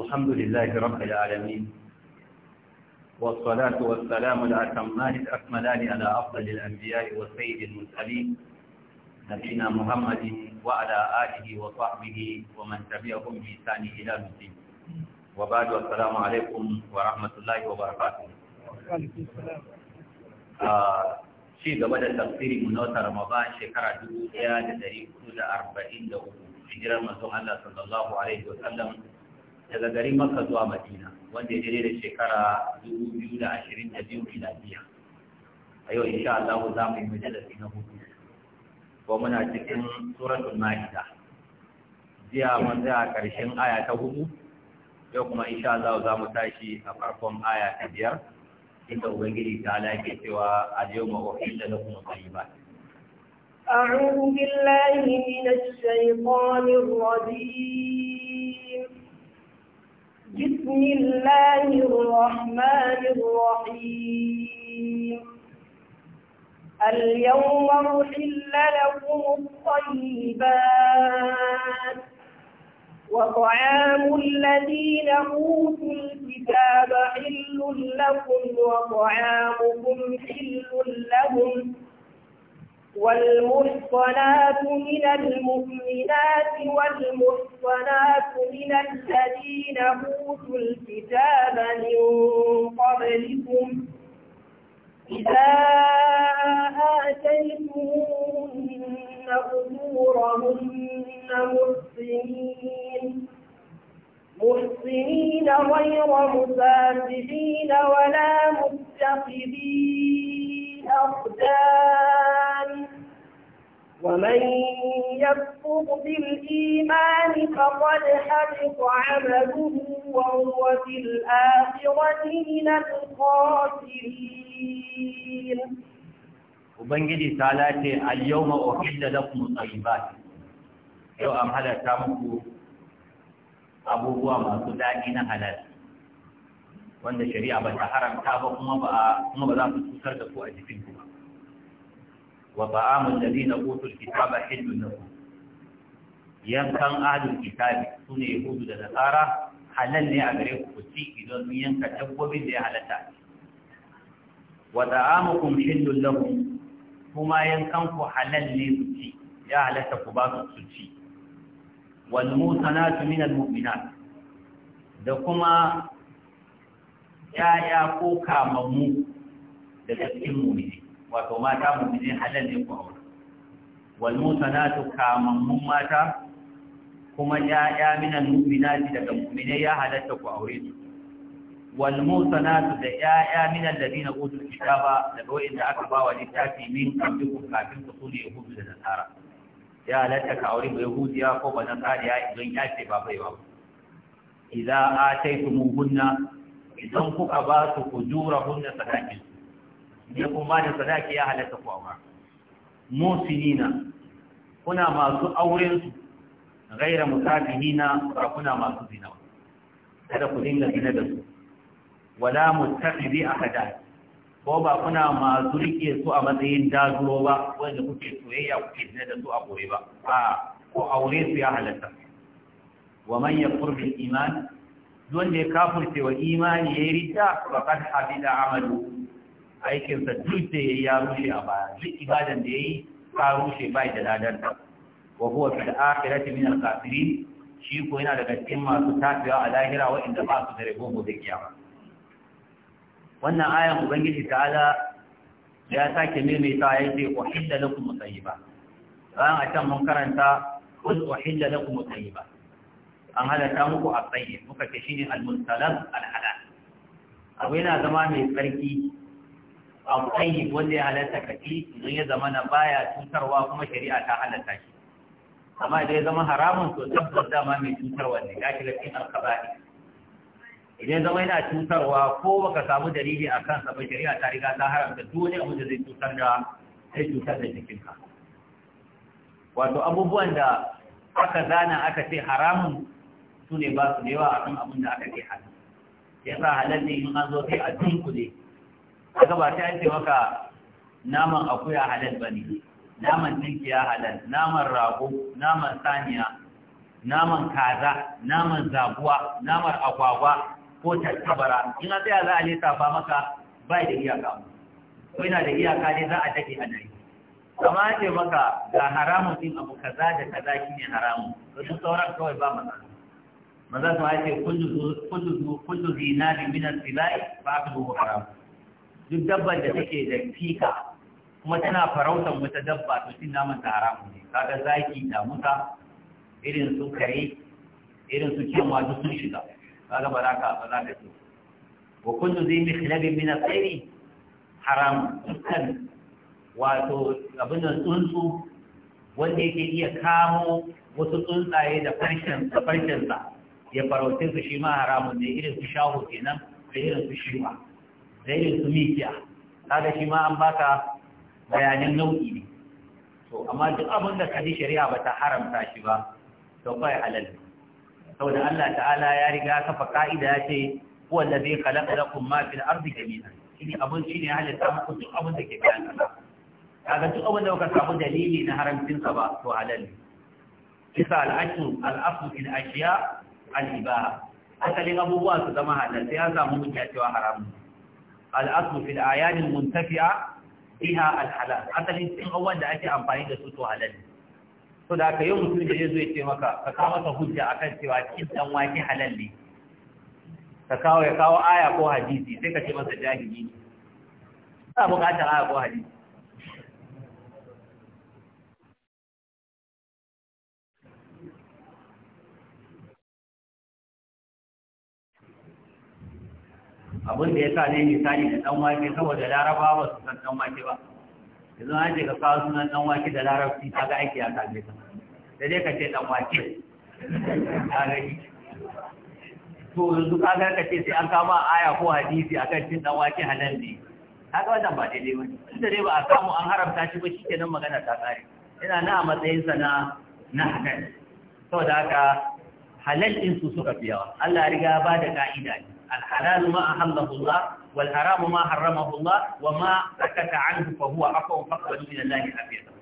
الحمد لله رب العالمين والصلاة والسلام الأتمان الأكملان على أفضل الأنبياء والسيد المرسلين نبينا محمد وعلى آله وصحبه ومن تبعهم بإحسان إلى الدين وبعد والسلام عليكم ورحمة الله وبركاته ci gaba da tafsiri mu na wata Ramadan shekara 1443 hijirar manzon Allah sallallahu alaihi wa sallam daga garin maka zuwa Madina wanda ya dare da shekara 2022 biya, a yau insha Allah za mu yi majalisi na hudu ko muna cikin suratul Maida jiya mun tsaya karshen aya ta hudu yau kuma insha Allah za mu tashi a farkon aya ta biyar inda ubangiji ta alaƙe cewa a yau ma'o'in da na kuma ba. أعوذ بالله من الشيطان الرجيم بسم الله الرحمن الرحيم اليوم أحل لكم الطيبات وطعام الذين أوتوا الكتاب حل لكم وطعامكم حل لهم والمحصنات من المؤمنات والمحصنات من الذين أوتوا الكتاب من قبلكم إذا آتيتموهن أجورهن محسنين محسنين غير مسافرين ولا متخذين الأقدام ومن يكفر بالإيمان فقد حبط عمله وهو في الآخرة من الخاسرين Ubangiji ta lace al-yawma uhilla lakum at-tayyibat yau an halatta muku abubuwa masu daɗi na halal wanda shari'a ba ta haramta ba kuma ba za su cutar da ku a jikin ku ba wa ta'amul ladina utul kitaba hillun lakum yankan ahlul kitabi sune yahudu da nasara halal ne a gare ku ku ci idan mun yanka dabbobin da ya halatta wa ta'amukum hillun lakum kuma yankan ku halal ne ku ci ya halatta ku ba su ci wal musanatu minal mu'minat da kuma yaya ko kamammu daga cikin mummuni wato mata mummuni halal ne ku aure wal mutanatu kamammun mata kuma yaya minan mu'minati daga mu'mine ya halatta ku aure su wal mutanatu da yaya minan ladina utul kitaba daga da aka bawa littafi min kabikum kafin ku ya yahudu da nasara ya halatta ka aure ba yahudiya ko ba nasara ya idan ya ce ba bai ba idza ataytumuhunna idan kuka ba su ku jura sadaki ne ya kuma da sadaki ya halatta ku aura musinina kuna masu auren su gaira musafihina ba kuna masu zina kada ku dinga zina da su wala mutakhidhi ahada ko ba kuna masu rike su a matsayin dazuro ba wanda kuke soyayya kuke zina da su a gobe ba a ko aure su ya halatta wa man yakfur bil iman wanda ya kafurce wa imani ya yi rita faƙar habida amalu aikinsa duk da ya ya rushe a baya duk ibadan da ya yi ka rushe bai da ladarta wa fi da akhirati min alkafiri shi ko yana daga cikin masu tafiya a lahira waɗanda ba su da rabo gobe kiyama wannan ayan ubangiji ta'ala ya sake maimaita ya ce uhilla lakum tayyiba bayan a can mun karanta qul uhilla lakum ba an halatta muku a tsaye muka ce shine al-mustalam al abu yana zama mai tsarki a tsaye wanda ya halatta kaci idan ya zama na baya cutarwa kuma shari'a ta halatta shi amma idan ya zama haramun to tabbas dama mai cutarwa ne ya shiga cikin alkaba'i idan zama yana cutarwa ko baka samu dalili a kansa ba shari'a ta riga ta haramta dole abin da zai cutar da zai cutar da jikinka wato abubuwan da aka zana aka ce haramun su ne ba su da yawa akan abin da aka ke hannu ya sa halal ne in an zo sai a dunkule aka ba ta ce maka naman akuya halal ba ne naman tinkiya halal naman rago naman saniya naman kaza naman zaguwa naman agwagwa ko tattabara in an tsaya za a lissafa maka ba da iyaka ko yana da iyaka ne za a take a nari amma ce maka ga haramun din abu kaza da kaza shine haramun to sauran kawai ba matsala maza su haife kullu zinari minan filai, ba su zuwa haram duk dabbar da take da fika kuma tana farautar wata dabba to cin naman ta haram ne kaga zaki da muta irin su kare irin su kyanwa duk sun shiga kaga ba za ka ba za ka ce wa kullu zai mikhlabin minan tsairi haram dukkan wato abin da tsuntsu wanda yake iya kamo wasu tsuntsaye da farshen farshen sa ya farauce su shi ma haramun ne irin su shaho kenan da irin su shiwa da irin su mikiya kaga shi ma an baka bayanin nau'i ne to amma duk abin da kaji shari'a ba ta haramta shi ba to kai halal saboda Allah ta'ala ya riga kafa ka'ida ya ce huwa allazi khalaqa lakum ma fil ardi jami'an shine abin shine ya halitta muku duk abin da ke bayan kasa. kaga duk abin da kuka samu dalili na haramcin sa ba to halal ne kisa al-asl al-asl fil ashiya al-ibaha asalin abubuwa su zama halal sai an samu mun cewa haram al-aslu fil ayat al-muntafi'a biha al-halal asalin sun abubuwan da ake amfani da su to halal so da aka yi mutum da ya zo ya ce maka ka kawo masa hujja akan cewa cin dan wake halal ne ka kawo ya kawo aya ko hadisi sai ka ce masa jahili ne ba buƙatar aya ko hadisi abin da ya sa ne misali da dan wake saboda laraba ba su san dan wake ba yanzu an ce ka kawo sunan dan wake da larabci ta ga aiki ya same ka da dai ka ce dan wake to yanzu ka ga ka ce sai an kama aya ko hadisi akan cin dan wake halal ne haka wannan ba daidai ba inda dai ba a samu an haramta shi ba shikenan magana ta kare ina na a matsayinsa na na halal saboda haka halal din su suka fi yawa Allah ya riga ba da ka'ida ne الحلال ما أحله الله والحرام ما حرمه الله وما سكت عنه فهو عفو فقبل من الله عافيته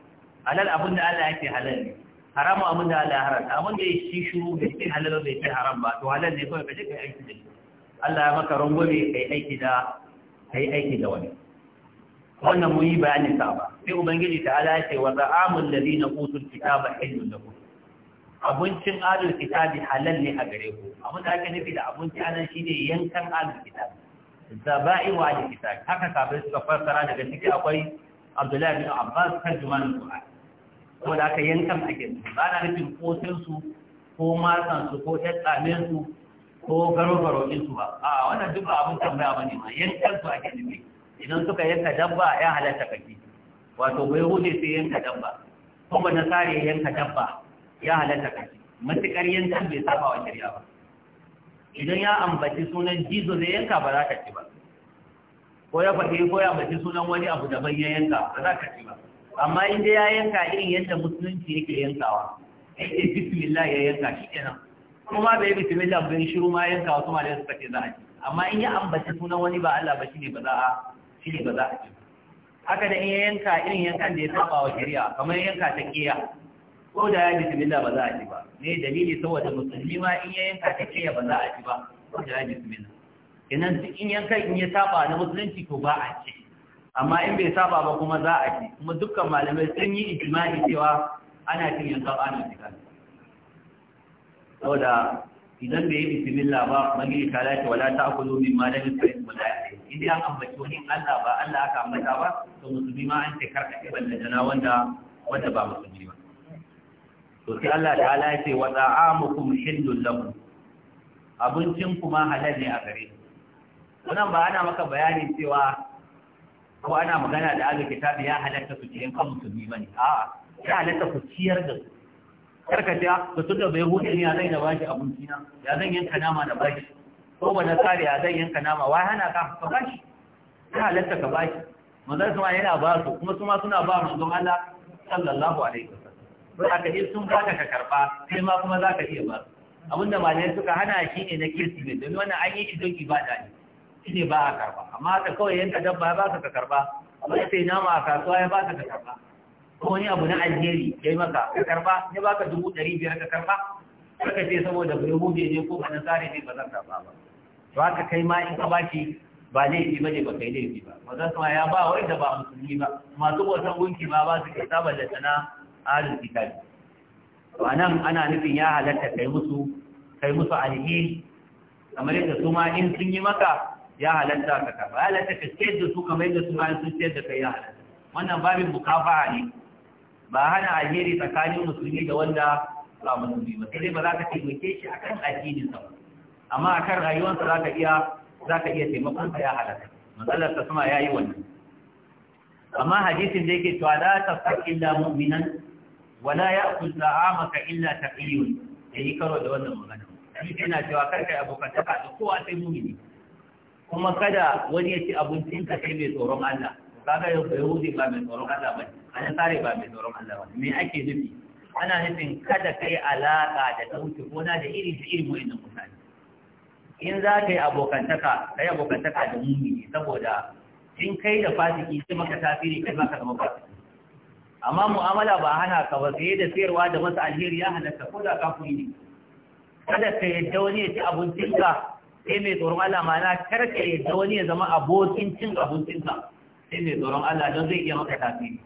halal abin da Allah yake halal ne haramu abin da Allah ya haramta abin da shi shuru bai ce halal bai ce haram ba to halal ne kawai kaje kai aiki da shi Allah ya maka rangwame kai aiki da wani wannan muyi yi ba sai ubangiji ta Allah ya ce wa za'amul ladina abincin alul kitabi halal ne a gare ku abin da ake nufi da abinci anan shine yankan alul kitabi zaba'i wa alul kitabi haka bai suka fassara daga ciki akwai abdullahi bin abbas tarjuman qur'an ko da aka yankan ake ba na nufin kotun su ko matan su ko ɗan tsamen su ko garo garo din su ba a wannan duk ba abin tambaya bane ma yankan su ake nufi idan suka yanka dabba ya halatta kaki wato bai hude sai yanka dabba kuma sare yanka dabba ya halatta kai matukar yankan bai saba wa shari'a ba idan ya ambaci sunan jizo zai yanka ba za ka ci ba ko ya faɗi ko ya ambaci sunan wani abu da bai yanka ba za ka ci ba amma in dai ya yanka irin yadda musulunci yake yankawa yake bismillah ya yanka shi kenan kuma bai bismillah bin shiru ma yanka wasu malayan suka ce za a ci amma in ya ambaci sunan wani ba Allah ba shine ba za a shine ba za a ci haka da in ya yanka irin yankan da ya saba wa shari'a kamar yanka ta kiya ko da ya bismillah ba za a ci ba ne dalili saboda musulmi ma in ya yanka ta ba za a ci ba ko da ya bismillah kenan duk in yanka in ya saba na musulunci ko ba a ci amma in bai saba ba kuma za a ci kuma dukkan malamai sun yi ijma'i cewa ana cin yanka ba na cika saboda idan bai yi bismillah ba magiri ta lati wala ta akulu min sai lam yusrif ya yi. idan an ambaci wani Allah ba Allah aka ambata ba to musulmi ma an ce karkace balla jana wanda wanda ba musulmi ba to sai Allah da Allah ce wa ta'amukum hillul lakum abincin kuma halal ne a gare ku nan ba ana maka bayanin cewa ko ana magana da ahlul kitabi ya halatta su cikin kan musulmi bane a'a ya halatta ku ciyar da su karka ta ah, to tunda bai hudu ne ya zai da bashi abinci na ya zan yanka nama da bashi ko ba na tsari ya zan yanka nama wai hana ka ka bashi ya halatta ka bashi manzon kuma yana ba su kuma su suna ba manzon Allah sallallahu alaihi wasallam ba za ka yi sun baka ka karba sai ma kuma za ka iya ba abinda malamai suka hana shi ne na kirsimet domin wannan an yi shi don ibada ne shi ne ba a karba amma ka kawai yanka dabba ya baka ka karba amma ya sai nama a kasuwa ya baka ka karba ko wani abu na aljeri ya yi maka ka karba ya baka dubu ɗari biyar ka karba suka ce saboda bai bai ne ko kanan tsari ne ba zan karba ba to haka kai ma in ka ba shi ba laifi ba ne ba kai laifi ba Ba su ma ya ba wai da ba musulmi ba masu wasan gunki ba ba su ke saba da sana'a alul kitabi to anan ana nufin ya halatta kai musu kai musu alheri kamar yadda su ma in sun yi maka ya halatta ka ka ya halatta ka ce da su kamar yadda su ma in sun ce da kai ya halatta wannan babin bukafa ne ba hana alheri tsakanin musulmi da wanda ba musulmi ba sai ba za ka taimake shi akan addinin sa amma akan rayuwarsa za ka iya za ka iya taimakon sa ya halatta matsalar ta sama yayi wannan amma hadisin da yake to ala tasaki illa mu'minan wala ya'kul ta'amaka illa taqiyun yayi karo da wannan magana shi yana cewa kar kai abokantaka da kowa sai mumini kuma kada wani ya ci abincin ka sai mai tsoron Allah kaga yau bai hude ba mai tsoron Allah ba an tsare ba mai tsoron Allah ba me ake nufi ana nufin kada kai alaka da ta wuce gona da iri da irin wayannan mutane in za ka yi abokantaka kai abokantaka da mumini saboda in kai da fasiki sai maka tasiri kai maka zama fasiki amma mu'amala ba hana ka ba sai da sayarwa da masa alheri ya halatta ko ka kafin yi kada ka yadda wani ya ci abincin ka, sai mai tsoron Allah mana kar ka yadda wani ya zama abokin cin abincin ka, sai mai tsoron Allah don zai iya maka tafi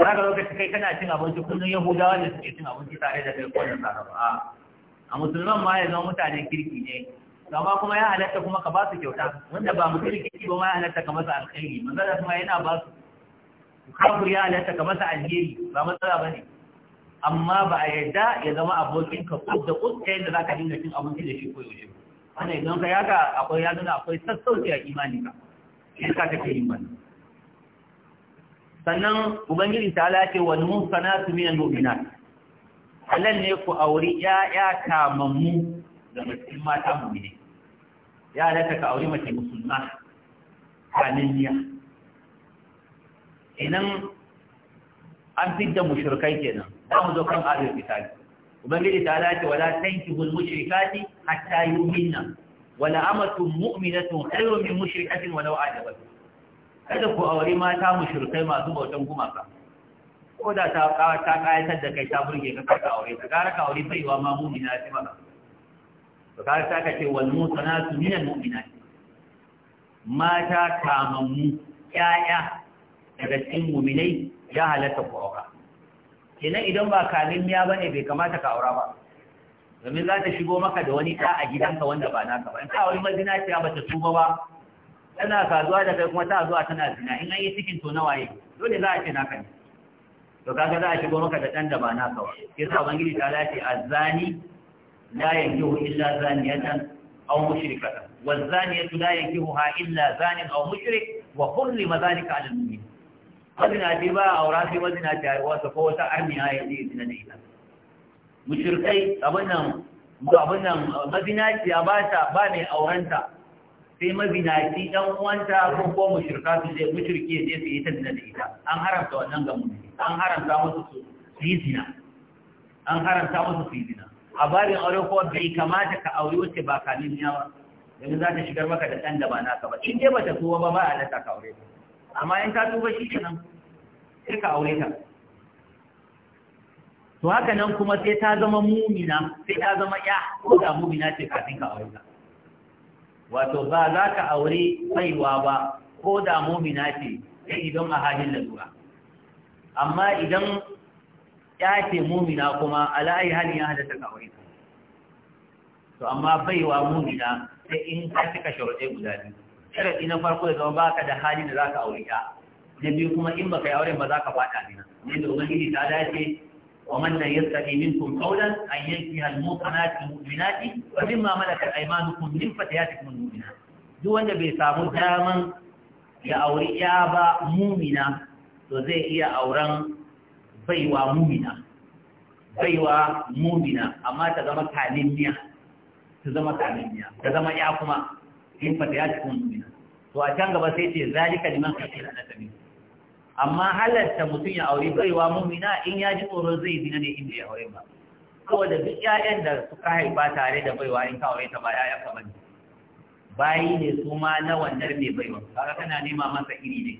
kana ga lokaci kai kana cin abinci kullum yahudawa ne suke cin abinci tare da kai ko da sarrafa a musulman ma ya zama mutanen kirki ne amma kuma ya halatta kuma ka ba su kyauta wanda ba mutum kirki ba ma ya halatta ka masa alkhairi manzara kuma yana ba su kafir ya halatta ka masa alheri ba matsala ba ne amma ba a yadda ya zama abokin ka kus da kus ta yadda za ka dinga cin abinci da shi ko yaushe wanda idan ka yaka akwai ya nuna akwai sassauci a imani ka shi ka take yin wannan sannan ubangiji ta lace wani mun sana su miyan mu'minat halal ne ku auri ya'ya kamammu da mutum mata ne, ya halatta ka auri mace musulma kanin niyya Inan an fidda mushrikai kenan za mu zo kan ahlul kitabi ubangiji ta dace wala tankihul mushrikati hatta yu'minna wala amatun mu'minatun khairun min mushrikatin walau ajabat kada ku aure mata mushrikai masu bautan gumaka ko da ta ta kayatar da kai ta burge ka ka aure ta gara ka aure baiwa ma mu'mina ce maka to ka ta kace wal mutanatu minal mu'minati mata kamammu ya'ya daga cikin muminai ya halatta ku aura kenan idan ba kamin miya bane bai kamata ka aura ba domin za ta shigo maka da wani ta a gidanka wanda ba naka ba in ta wani mazina ce ba ta tuba ba tana kazuwa da kai kuma ta zuwa tana zina in an yi cikin to nawa yake dole za a ce naka ne to kaga za a shigo maka da ɗan da ba naka ba ke sa ubangiji ta a zani la yankihu illa zaniyatan aw mushrikatan wazaniyatu la yankihuha illa zanin aw mushrik wa hurrima dhalika 'ala al-mu'min ce ba a aura sai ce a wasu ko wata armiya ya ce zina da ita mushirkai abin nan abin nan ba ta ba mai aurenta sai mazinaci dan uwanta ko ko mushirka su zai mushirke zai su yi ta zina da ita an haramta wannan ga mutum an haramta musu su yi zina an haramta musu su yi zina a babin aure ko bai kamata ka aure wacce ba kamin yawa yanzu za ta shigar maka da ɗan da ba naka ba in dai ba ta tuwa ba ba a nata ka aure ba amma in ka tuba shi kenan sai ka aure ta to haka nan kuma sai ta zama mumina sai ta zama ya ko da mumina ce kafin ka aure ta wato ba za ka aure baiwa ba ko da mumina ce sai idan a halin lalura amma idan ya ce mumina kuma ala'ayi hali ya hada ta aure ta to amma baiwa mumina sai in ka cika sharuɗe guda biyu sharaɗi na farko ya zama baka da hali da zaka aure ta da biyu kuma in baka yi auren ba zaka fada ne ne da ubangiji ta dace wa man la yastati minkum qawlan an yankiha al-muqanati mu'minati wa mimma malakat aymanukum min fatiyatikum al-mu'minat duk wanda bai samu daman ya auri ya ba mumina to zai iya auren baiwa mumina baiwa mumina amma ta zama kanin ta zama kanin ta zama ya kuma in fata ya cikin mu'mina to a can gaba sai ce zalika liman khashiya an tabi amma halatta mutum ya aure baiwa mu'mina in ya ji tsoron zai zina ne inda ya aure ba da duk ƴaƴan da suka haifa tare da baiwa in ka aure ta ba ƴaƴan ka bane bayi ne su ma na wannan mai baiwa kaga kana nema masa iri ne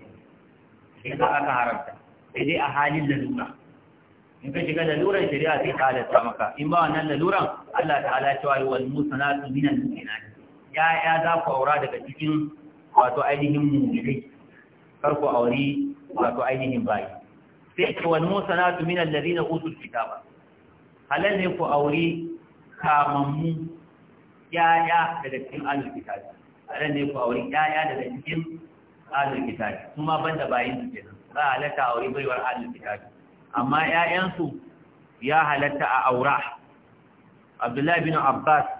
in ka aka haramta sai dai a halin duka in ka shiga laluran shari'a sai ka halatta maka in ba wannan laluran Allah ta'ala cewa wal musanatu minal mu'minat ‘ya'ya za ku aura daga cikin wato ainihin mujirai, kar ku auri wato ainihin bayi. Sai ce wani musa na tumi na lari na usul ba, halar ne ku auri kamammu ‘ya'ya daga cikin alul kitabi. Halar ne ku auri ‘ya'ya daga cikin alul kitabi. Kuma ban da bayin su kenan. Ba halatta auri baiwar alul kitabi. Amma ‘ya'yansu ya halatta a aura. Abdullahi bin Abbas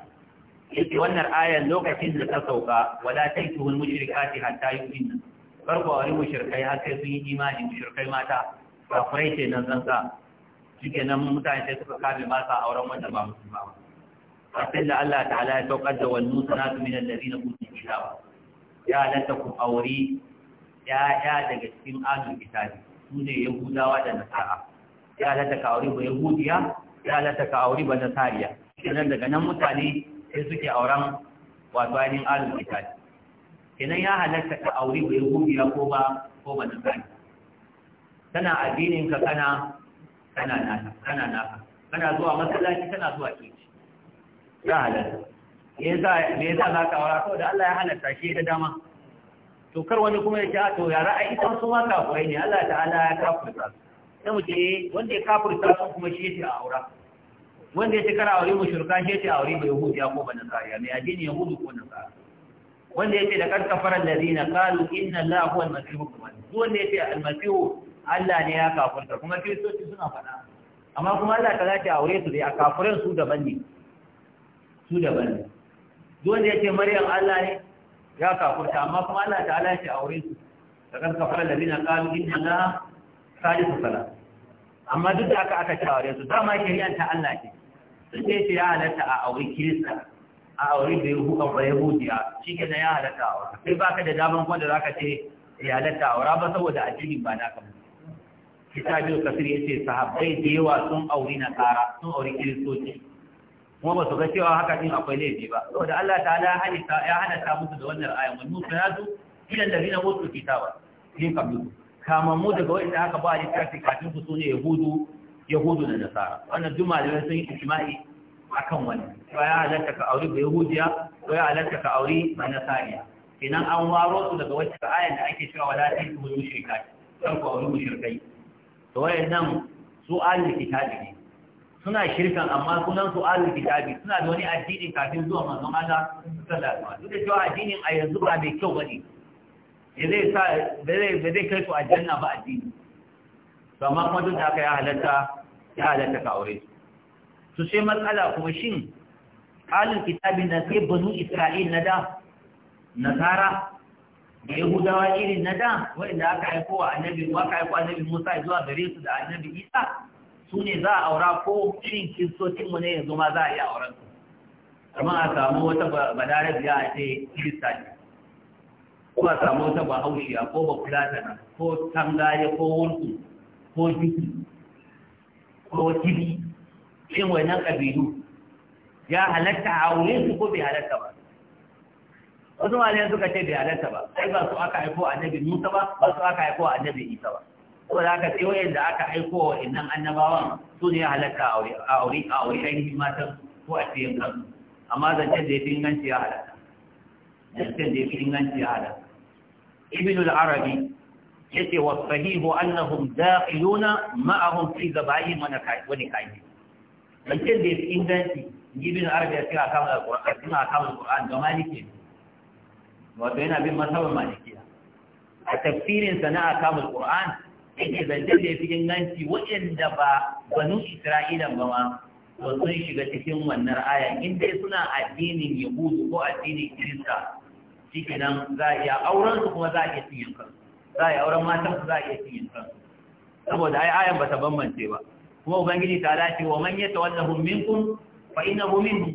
yake wannan ayan lokacin da ta sauka wala taituhul mushrikati hatta yu'min farko wani mushrikai har sai sun yi imani mushrikai mata kurai ce nan zanza shike nan mutane sai suka kame ba sa auren wanda ba musulma ba fasil da Allah ta'ala ya saukar da wal musanatu min alladhina utul kitaba ya lanta ku aure ya daga cikin ahlul kitabi su ne yahudawa da nasara ya lanta ka aure ba yahudiya ya lanta ka aure ba nasariya kenan daga nan mutane sai suke auren wato ainihin alul kitabi kenan ya halatta ka aure bai hudiya ko ba ko ba nasara kana addinin ka kana kana naka kana naka kana zuwa masallaci kana zuwa keji. ya halatta me yasa za ka aura saboda Allah ya halatta shi da dama to kar wani kuma ya ce a to ya ra'ayi ta su ma kafurai ne Allah ta'ala ya kafurta su sai mu ce eh, wanda ya kafurta su kuma shi ya aura wanda ya ce kar aure mushurka shi ce aure bai yahudiya ko ba nasara mai addini yahudu ko nasara wanda ya ce da kar kafaran ladina qalu inna allaha huwa al-masih ibn wanda ya ce al Allah ne ya kafurta kuma kiristoci suna faɗa amma kuma Allah ta zace aure su dai a kafuran su daban ne su daban ne wanda ya ce maryam Allah ne ya kafurta amma kuma Allah ta ya ce aure su da kan da zina, kalu, inna allaha salisu salat amma duk da aka aka ce aure su dama shari'an ta Allah ce sai ce ya halatta a auri kirista a auri da ya hukan ba yahudiya shi ke ya halatta a aure. sai baka da daman wanda za ka ce ya halatta a aure ba saboda addinin ba kamar. ba biyu kasir ce sahabbai da yawa sun auri nasara sun auri kiristoci kuma ba su ga cewa haka din akwai laifi ba saboda Allah ta ala ya ta musu da wannan ayan wannan sunatu ila da rina kitaba din kablu Kamar mu daga wanda aka ba a littafi kafin su sune yahudu yahudu da nasara wannan duk malamai sun yi ijma'i akan wani. ko ya halatta ka aure ba yahudiya ko ya halatta ka aure ba nasariya idan an waro su daga wacce ayan da ake cewa wala ta yi mushrikai kan ku aure mu mushrikai to nan, su ahlul kitabi ne suna shirkan amma sunan su ahlul kitabi suna da wani addini kafin zuwa manzon Allah sallallahu alaihi wasallam duk da cewa addinin a yanzu ba mai kyau bane ya zai sa ba zai kai su aljanna ba addini amma kuma duk da aka ya halatta ya halatta ka aure su sai matsala kuma shin halin kitabin na sai banu isra'il na da nasara da yahudawa irin na da wadanda aka aiko wa annabi aka aiko annabi musa zuwa gare su da annabi isa su ne za a aura ko irin kiristocin mu ne yanzu ma za a yi auren su amma a samu wata biya a ce kirista ne ko a samu wata bahaushiya ko bafulatana ko tangare ko wurkun ko jiki ko tibi shin wannan ƙabilu ya halatta a wurin su ko bai halatta ba wasu malayan suka ce bai halatta ba sai ba su aka haiko a annabi musa ba ba su aka haiko a annabi isa ba ko da aka tsaye da aka haiko wa innan annabawan su ne halatta a aure a aure yi matan ko a cikin kansu amma zancen da ya fi inganci ya halatta zancen da ya fi inganci ya halatta ibn al-arabi yake wa sahihu annahum da'iluna ma'ahum fi zabai manaka wa nikai dan ce da inganci gibin arabi ya kira kama alquran kuma kama alquran ga maliki wato yana bin masabar maliki a tafsirin sa na kan alquran yake zance da yafi inganci wa'anda ba banu isra'ila ba ma to sun shiga cikin wannan aya in dai suna addinin yahudu ko addinin kirista shikenan za a iya auren su kuma za a iya cinye kansu za a yi auren matan su za a iya cin yin kansu saboda ai ayan ba ta bambance ba kuma ubangiji ta dace wa man yata min kun fa innahu minhum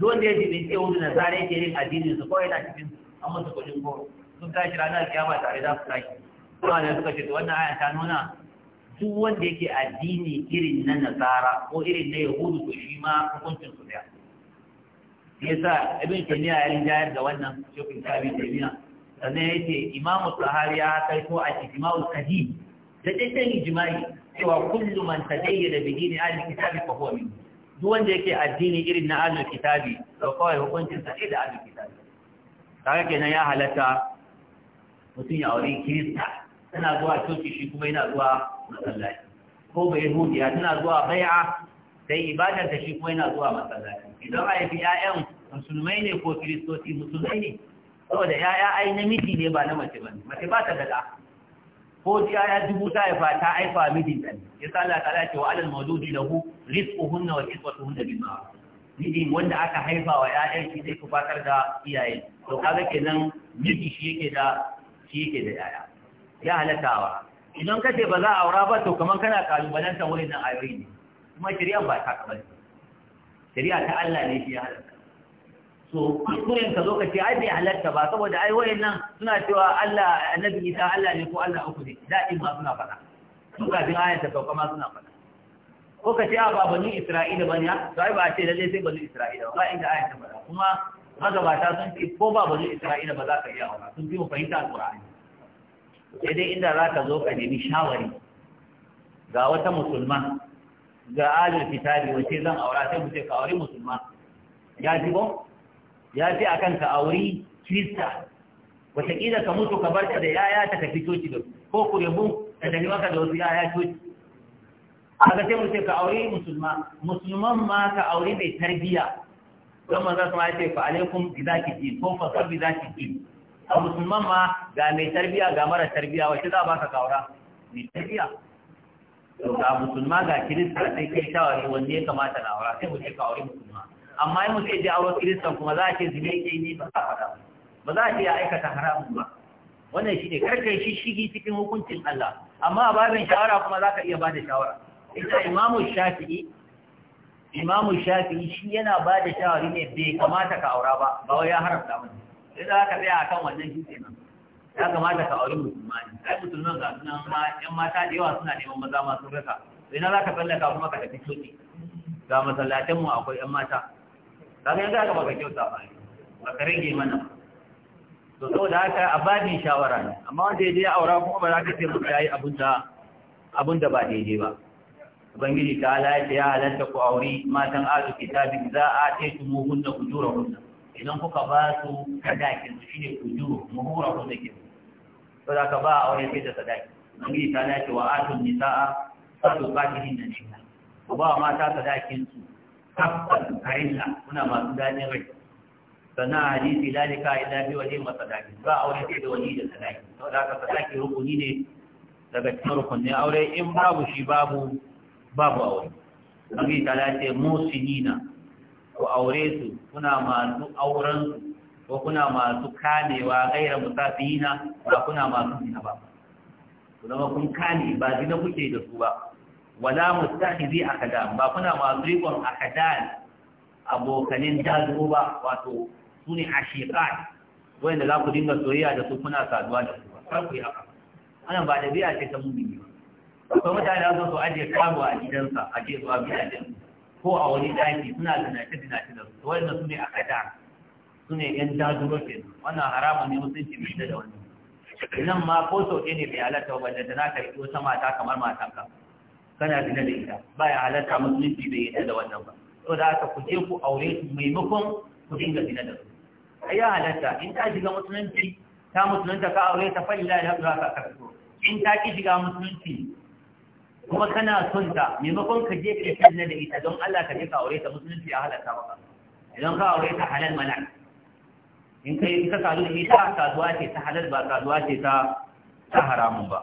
don da ya jibin ce wudu na zare ke yin addinin su kawai na cikin an musu kudin goro sun tashi ranar kiyama tare za su tashi kuma da suka ce wannan ayan ta nuna duk wanda yake addini irin na nasara ko irin na yahudu to shi ma hukuncin su daya yasa ibn taymiya ya rinjayar da wannan shekul kabi taymiya sannan ya ce imamu sahari ya kai ko a ijma'ul kadim da dukkan jima'i, cewa kullum man da bi ne ahli kitabi ko huwa duk wanda yake addini irin na ahli kitabi da kawai hukuncin sa da ahli kitabi kaga kenan ya halatta mutum ya aure kirista tana zuwa coci shi kuma yana zuwa masallaci ko bai hudiya tana zuwa bai'a sai ibadar da shi kuma yana zuwa masallaci idan a yi 'ya'yan musulmai ne ko kiristoci musulmai ne saboda ya'ya ai namiji ne ba na mace ba mace ba ta daga ko ji ya dubu ta haifa ta haifa mijin ta ne ya sa Allah ta ce wa alal mawdudi lahu rizquhunna wa kiswatuhunna bil ma'ruf mijin wanda aka haifa wa ya'yan shi zai kubatar da iyaye to kaga kenan miji shi yake da shi yake da ya'ya ya halatawa idan kace ba za a aura ba to kaman kana kalubalantar wurin nan ayoyi ne kuma shari'a ba ta kaba shari'a ta Allah ne shi ya halata so kuskuren ka zo ka ce ai bai halarta ba saboda ai nan suna cewa Allah annabi Isa Allah ne ko Allah uku ne da'in ma suna faɗa su bin ayar ta sauka suna faɗa ko ka ce a ba bani Isra'ila bane ha to ai ba a ce lalle sai bani Isra'ila ba inda ayar ta faɗa kuma magabata sun ce ko ba bani Isra'ila ba za ka iya ba sun fi mu fahimta Al-Qur'ani sai dai inda za ka zo ka nemi shawari ga wata musulma ga alul fitari wace zan aura sai mu ce ka aure musulma ya ji ba ya fi a kan a wuri kirista wataƙila ka mutu ka barka da yaya ta tafi coci da ko kurebu ta tafi maka da wasu yaya coci haka sai mutu ka auri musulma musulman ma ka auri mai tarbiyya don maza su ma ya ce fa alaikum bi za ki ko fa bi za ki a musulman ma ga mai tarbiyya ga mara tarbiyya wacce za a baka kawara. mai tarbiyya ga musulma ga kirista sai kai shawari wanne ya kamata na aura sai mu ce ka auri musulma amma yi musu ya auro kiristan kuma za a ce zime ke yi ba a faɗa ba za a ce ya aikata haramun ba wannan shi ne karka shi shigi cikin hukuncin Allah amma a babin shawara kuma za ka iya ba da shawara ita imamu shafi'i imamu shafi'i shi yana ba da shawari ne bai kamata ka aura ba ba wai ya haramta mana sai za ka tsaya akan wannan shi kenan ya kamata ka auri musulmani ai musulman ga sunan ma yan mata da yawa suna neman maza masu rasa sai na za ka tsallaka kuma ka tafi coci ga masallatanmu akwai yan mata kaga yanzu aka baka kyauta ba baka rage mana to saboda haka a babin shawara ne amma wanda ya je ya aura kuma ba za ka ce mu ta yi abun abin da ba daidai ba ubangiji ta halatta ya halatta ku auri matan azu kitabin za a ce taitu jura hunna idan kuka ba su sadakin su shine ujuru hunna ke to da ka ba a aure sai da sadaki ubangiji ta halatta wa atun nisaa shi ba ku ba mata sadakin su haqqan a'illa muna masu dadin rai sana a hadisi lalika illa bi wajhi wa sadaqi ba aure sai da wani da sadaqi da haka sadaki rukuni ne daga cikin rukunin aure in babu shi babu babu aure Abi ta lace musinina ku aure su kuna masu auren su ko kuna masu kamewa gaira musafina ba kuna masu zina ba Kuna kun kame ba zina kuke da su ba wala mustahizi akadan ba kuna masu rikon akadan abokanin dazu ba wato sune ne ashiqat wanda za ku dinga soyayya da su kuna saduwa da su kar ku yi haka ana ba da biya ce ta mumini ba mutane da su ajiye kabu a gidansa a je zuwa din ko a wani daki suna zinace zinace da su wanda su ne akadan su ne yan jazubu ke wannan haramun ne musulunci bai da wannan nan ma ko sau ne bai halatta wa da na karɓi wata mata kamar matanka kana na da ita ba ya halatta musulunci bai yadda da wannan ba to da aka ku je ku aure su maimakon ku dinga na da su A ya halatta in ta shiga musulunci ta musulunta ka aure ta falla da za ka karso in ta ki shiga musulunci kuma kana son ta maimakon ka je ka yi da ita don Allah ka je ka aure ta musulunci ya halatta maka idan ka aure ta halal mana in ka yi ka sadu da ita kasuwa ce ta halal ba kasuwa ce ta ta haramun ba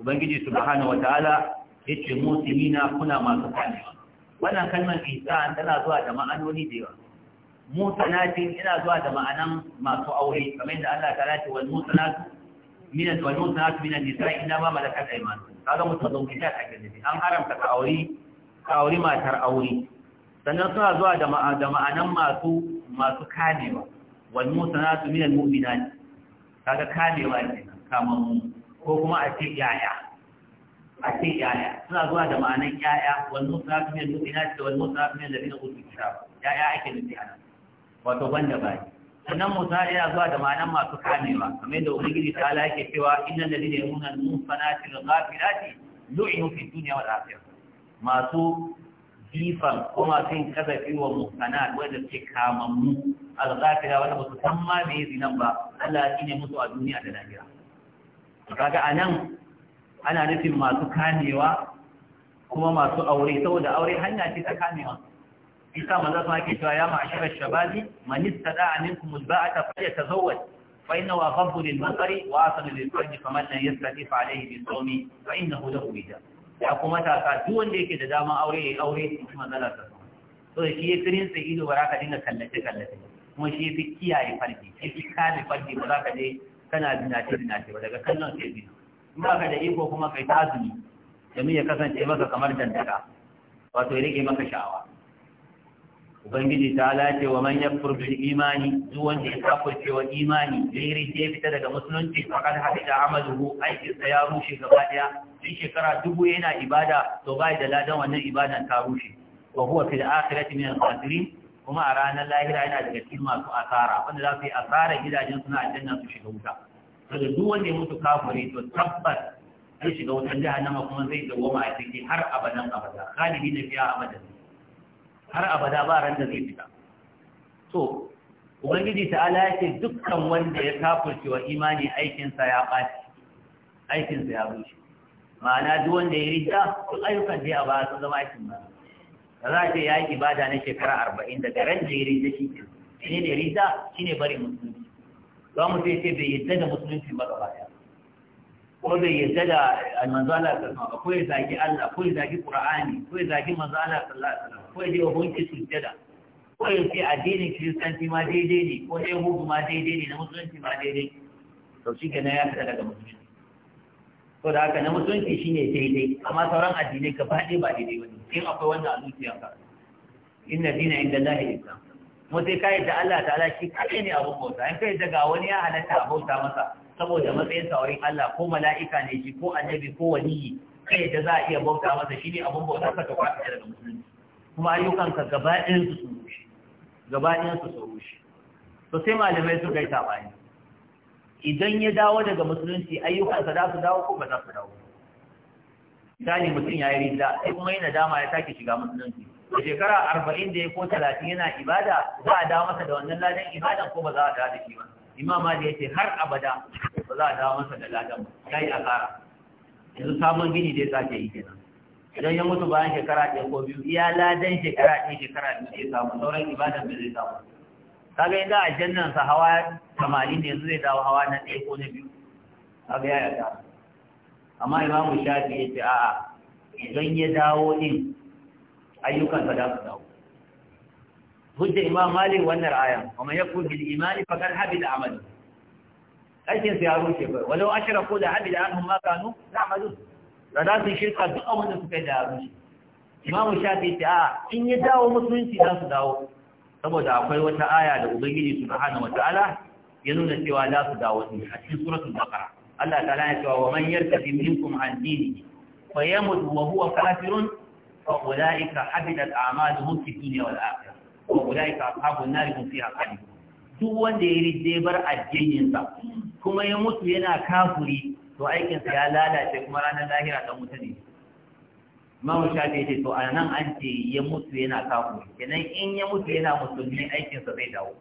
ubangiji subhanahu ta'ala yace mutimina kuna masu kamewa wannan kalmar ihsan tana zuwa da ma'anoni da yawa ce yana zuwa da ma'anan masu aure kamar yadda Allah ta lati wal mutanatu min al na min da nisa inna ma malakat aymanukum kaga mutazawwijat a ne an haramta ka aure ka aure matar aure sannan suna zuwa da ma'anan masu masu kamewa wal mutanatu min al mu'minat kaga kamewa ne kamar ko kuma a ce yaya ake yaya suna zuwa da ma'anan yaya wani musa fi na lumina ce wani musa fi yin labina usul kitab yaya ake nufi a nan wato da bayi sannan musa yana zuwa da ma'anan masu kamewa kamar yadda ubangiji ta ala yake cewa inna ladina yamuna nufanatil ghafilati lu'inu fi duniya wa lafiya masu jifan ko masu yin kazafi wa musana wanda suke kamammu al-ghafila wanda basu san ma me zinan ba Allah ya ne musu a duniya da lahira kaga anan ana nufin masu kamewa kuma masu aure saboda aure hanya ce ta kamewa isa maza su ake cewa ya ma'ashirar shababi man istada aminkum alba'ata falyatazawwaj fa innahu afdalu lil basari wa asanu lil farji faman lam yastati fa alayhi bin sawmi fa innahu lahu wija ya kuma ta sa duk wanda yake da daman aure yi aure kuma zalla ta so shi ya firin sai ido ka dinga kallace kallace kuma shi ya fi kiyaye farji shi fi kame farji ba za ka je kana zinace zinace ba daga kallon sai zina ba ka da iko kuma kai ta azumi domin ya kasance maka kamar dandaka wato ya rike maka sha'awa ubangiji ta lace wa manyan furbin imani duk wanda ya kafa cewa imani da ya fita daga musulunci faqad da Amadu aiki da ya rushe gaba ɗaya sai shekara dubu yana ibada to bai da ladan wannan ibadan ta rushe wa huwa fil akhirati min al khasirin kuma a ranar lahira yana daga cikin masu asara wanda za su yi asara gidajen suna ajanna su shiga wuta kada duk wanda ya mutu kafiri to tabbas zai shiga wutar jahannama kuma zai dawoma a ciki har abadan abada khalidi da fiya abada. har abada ba ran da zai fita to ubangiji ta'ala ya ce dukkan wanda ya kafirce wa imani aikinsa ya aikin sa ya bushe ma'ana duk wanda ya rija duk ayyukan da ya ba su zama aikin ba da za a ce ya yi ibada na shekara arba'in daga ran da ya rija shi ne ne rija shi ne bari mutum za mu sai ce bai yadda da musulunci ba gaba ɗaya ko bai yadda da manzo Allah sallallahu alaihi ko ya zagi Allah ko ya zagi Qur'ani ko ya zagi manzo Allah sallallahu alaihi wasallam ko ya je hunki sujjada ko ya ce addinin Kiristanci ma daidai ne ko ya hudu ma daidai ne na musulunci ma daidai to shi na ya fita daga musulunci ko da haka na musulunci shine daidai amma sauran addinai gaba ɗaya ba daidai ba ne sai akwai wannan a zuciyarka inna dina inda Allah ya islam mu sai ka da Allah ta'ala shi kaɗai ne abin bauta in ka daga wani ya halatta a bauta masa saboda matsayin sa Allah ko mala'ika ne shi ko annabi ko waliyi kai da za a iya bauta masa shi ne abin bauta ka ta kwata daga musulunci kuma ayyukanka gaba ɗin su su rushe gaba ɗin su su rushe to sai malamai su gaita sabani idan ya dawo daga musulunci ayyukansa za su dawo ko ba za su dawo misali mutum ya yi rida sai kuma yi dama ya sake shiga musulunci da shekara arba'in da ya ko talatin yana ibada za a dawo masa da wannan ladan ibadan ko ba za a dawo da shi ba imam da ya ce har abada ba za a dawo masa da ladan ba ya yi asara yanzu sabon gini dai ke yi kenan idan ya mutu bayan shekara ɗaya ko biyu iya ladan shekara ɗaya shekara biyu zai samu sauran ibadan da zai samu ga yanzu a jannan sa hawa tamanin ne yanzu zai dawo hawa na ɗaya ko na biyu ga ya yarda amma imamu shafi ya ce a'a idan ya dawo ɗin ayyukansa da su dawo hujja imam malik wannan ayan wa ya yakun bil imani faqad habida amalu aikin sa ya rushe kai walau ashraku da habida anhum ma kanu ya'malun da za su shirka duk abin da suka yi da ya rushe imam shafi ta a in ya dawo musulunci za su dawo saboda akwai wata aya da ubangiji subhanahu wataala ya nuna cewa za su dawo ne a cikin suratul baqara Allah ta'ala ya cewa wa man yartafi minkum an dinihi fayamut wa huwa kafirun فأولئك حبدت أعمالهم في الدنيا والآخرة وأولئك أصحاب النار هم فيها خالدون duk wanda ya rije bar addininsa kuma ya mutu yana kafuri to aikinsa ya lalace kuma ranar lahira dan mutu ne mamu shafi ce to a nan an ce ya mutu yana kafuri kenan in ya mutu yana musulmi aikinsa zai dawo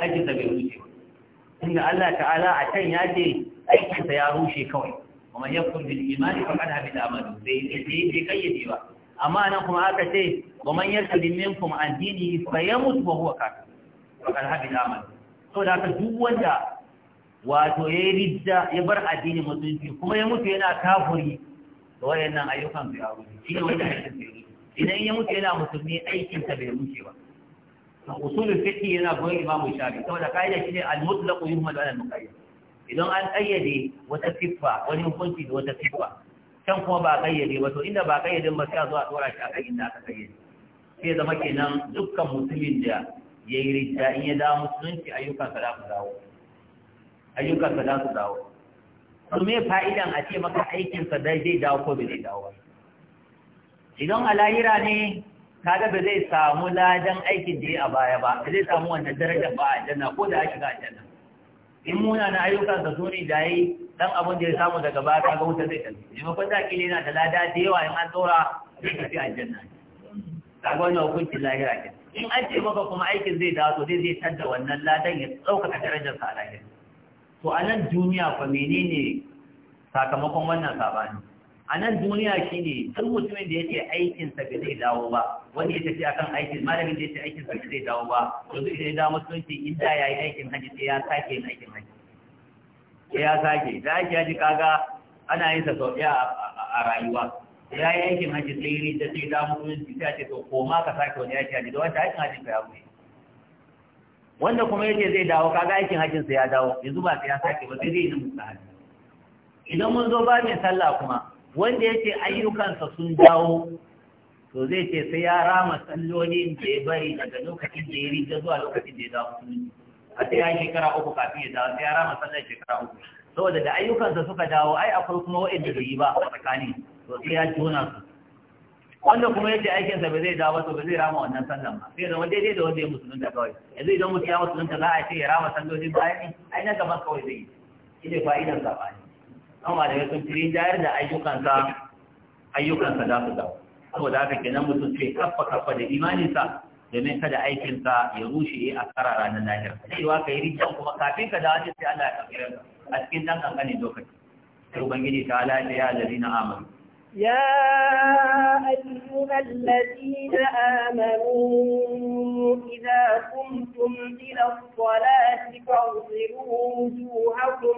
aikinsa bai wuce inda Allah ta'ala a can ya ce aikinsa ya rushe kawai kuma ya kun bil imani bi da amalu bai bai kayyade ba amma nan kuma aka ce wa man yartadi minkum an dinihi fayamut wa huwa kafir faqad habita amal to da haka duk wanda wato yayi ridda ya bar addinin musulunci kuma ya mutu yana kafiri da wayannan ayyukan bai aure shi ne wanda aikin bai idan ya mutu yana musulmi aikin ta bai mutu ba a usulul fiqh yana goyon imamu shafi saboda kaida shi ne al-mutlaq yuhmal ala al-muqayyad idan an ayyade wata siffa wani hukunci da wata siffa can kuma ba kayyade ba to inda ba kayyadin ba sai a zo a tura shi a kai inda aka kayyade sai zama kenan dukkan mutumin da ya yi rita in ya dawo musulunci ayyukansa za su dawo ayyukansa za su dawo to me fa'idan a ce maka aikinsa dai zai dawo ko bai zai dawo ba idan a lahira ne kaga ba zai samu ladan aikin da ya a baya ba ba zai samu wannan darajar ba a janna ko da ya shiga a janna in muna na ayyukan ka so da yi dan abin da ya samu daga ba ka ga wuta zai tafi maimakon zaki kila yana da lada da yawa in an tsora zai tafi aljanna ka ga wannan hukuncin lahira ke in an ce maka kuma aikin zai dawo to zai zai tadda wannan ladan ya ɗaukaka darajar sa a lahira to a nan duniya fa menene sakamakon wannan sabani a nan duniya shi ne duk mutumin da ya ce aikinsa ba zai dawo ba wanda ya tafi akan aikin malamin da ya ce aikinsa ba zai dawo ba yanzu idan ya dawo musulunci in da ya yi aikin hajji sai ya sake yin aikin hajji sai ya sake da ake yaji kaga ana yin sa sau ɗaya a rayuwa ya yi aikin hajji sai yi da sai dawo musulunci sai a ce to koma ka sake wani ya hajji da wanda aikin hajji ya wuce wanda kuma ya ce zai dawo kaga aikin hajjinsa ya dawo yanzu ba sai ya sake ba sai zai yi na musulunci idan mun zo ba mai sallah kuma wanda yace ayyukansa sun dawo to zai ce sai ya rama sallolin da ya bari daga lokacin da ya rija zuwa lokacin da ya dawo musulunci a sai ya shekara uku kafin ya dawo sai ya rama sallar shekara uku saboda da ayyukansa suka dawo ai akwai kuma waɗanda bai yi ba a tsakani to sai ya jona su wanda kuma yace aikinsa ba zai dawo to ba zai rama wannan sallan ba sai zama daidai da wanda ya da kawai yanzu idan mutum ya musulunta za a ce ya rama tsallolin bayani ai na gaban kawai zai yi shi ne fa'idan saɓani amma daga sun firin jayar da ayyukansa ayyukansa za su dawo saboda haka kenan mutum sai kaffa kaffa da imaninsa domin kada aikinsa ya rushe a tsara ranar lahira cewa ka yi rijiyar kuma kafin ka dawo sai Allah ya kafira a cikin dan kankanin lokaci sai ubangiji ta halaye ya zari na amanu يا أيها الذين آمنوا إذا قمتم إلى الصلاة فاغسلوا وجوهكم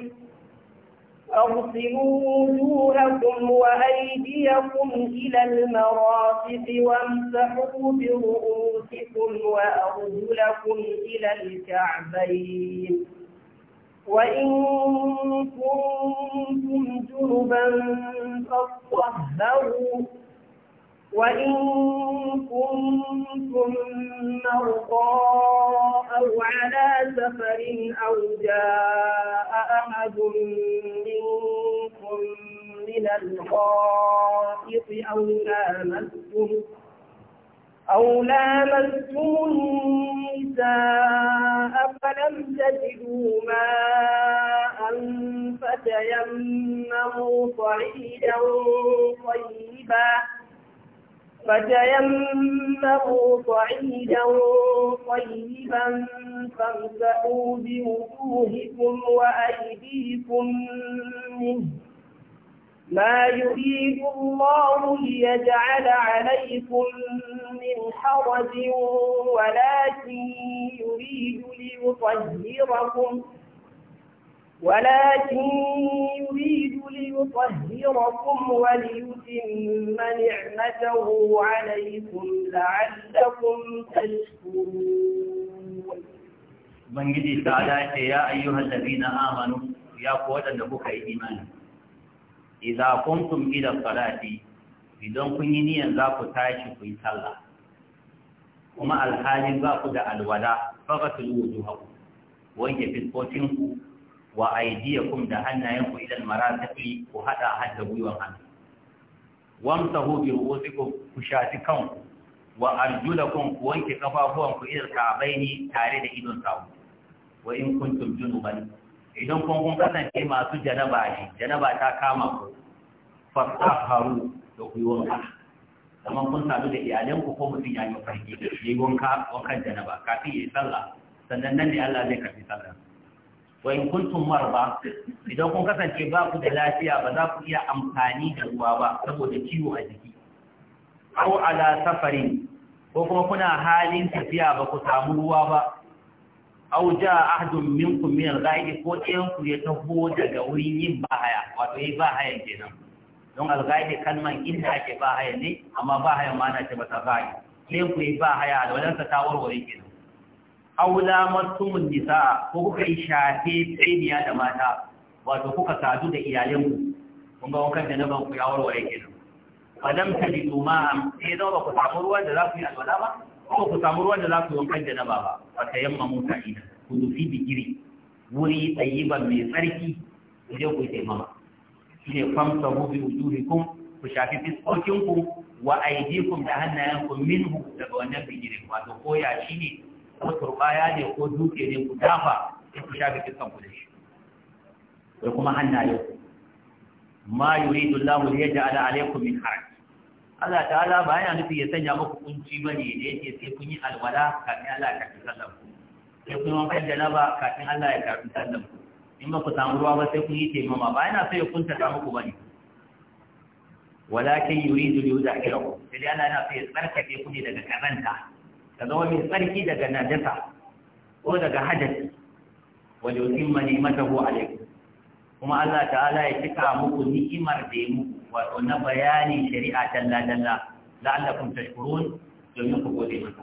أرسلوا وجوهكم وأيديكم إلى المرافق وامسحوا برؤوسكم وأرجلكم إلى الكعبين وإن كنتم جنبا فاطهروا وإن كنتم مرضى أو على سفر أو جاء أحد منكم من الغائط أو لامستم أو لامستم النساء فلم تجدوا ماء فتيمموا صعيدا طيبا فتيمموا صعيدا طيبا فامسحوا بوجوهكم وأيديكم منه ما يريد الله ليجعل عليكم من حرج ولكن يريد ليطهركم ولكن يريد ليطهركم وليتم نعمته عليكم لعلكم تشكرون Ubangiji ta'ala ce ya ayyuhal ladina amanu ya ku da kuka yi imani kun kuntum ila farafi idan kun yi niyan za ku tashi ku yi talla. kuma alhalin ba ku da alwada, alwala faqatul wujuhakum wanke fiskokinku wa aydiyakum da hannayenku idan marasafi ku hada hadda gwiwan hannu wamsahu bi ru'usikum ku shati kanku wa arjulakum ku wanke kafafuwanku ila ka'baini tare da idon sawu wa in kuntum junuban idan kun kun kasance masu janaba ne janaba ta kama ku fasaharu da guyon hannu wanka kun sadu da iyalanku ko mutum ya yi farki da yi wanka wankan janaba kafin ya yi sallah sannan nan ne Allah zai karfi sallah wa in kuntum marba idan kun kasance ba ku da lafiya ba za ku iya amfani da ruwa ba saboda ciwo a jiki aw ala safarin ko kuma kuna halin tafiya ba ku samu ruwa ba aw jaa ahadun minkum min al-ghaib ko ɗayan ku ya taho daga wurin yin bahaya wato yi bahaya kenan don al-ghaib kalman inda ake bahaya ne amma bahaya ma na ce masa ghaib ɗayan ku yi bahaya da wadansa ta warware kenan aula martumun nisa ko kuka yi shafe tsaniya da mata wato kuka sadu da iyalanku kun ga wankan da naban ku ya warware kenan falam tajidu ma'am sai zama ba ku samu ruwan da za ku yi alwala ba ko ku samu ruwan da za ku yi wankan da naba ba mamu ta ina ku nufi bigiri wuri tsayiban mai tsarki ku je ku yi taimama shi ne famsa hubi wujuhikum ku shafi fiskokinku wa aidikum da hannayenku minhu daga wannan bigirin wato koya shi ne ko turbaya ne ko duke ne ku dafa sai ku shafi fiskan ku da shi da kuma hannaye ku ma yuridu Allahu li ala alaykum min haraj Allah ta'ala ba yana nufi ya sanya muku kunci bane da yake sai kun yi alwala kafin Allah ya karbi sallan ku sai kun wanka janaba kafin Allah ya karbi sallan ku in ba ku samu ruwa ba sai kun yi taimama ba yana so ya kunta ta muku bane walakin yuridu li yudhakirakum sai Allah yana so ya tsarkake ku ne daga karanta. ka zama mai tsarki daga najasa ko daga hadasi wani yutim mani matahu alaikum kuma Allah ta'ala ya cika muku ni'imar da ya muku wato na bayanin shari'a talla talla la'allakum tashkurun domin ku gode masa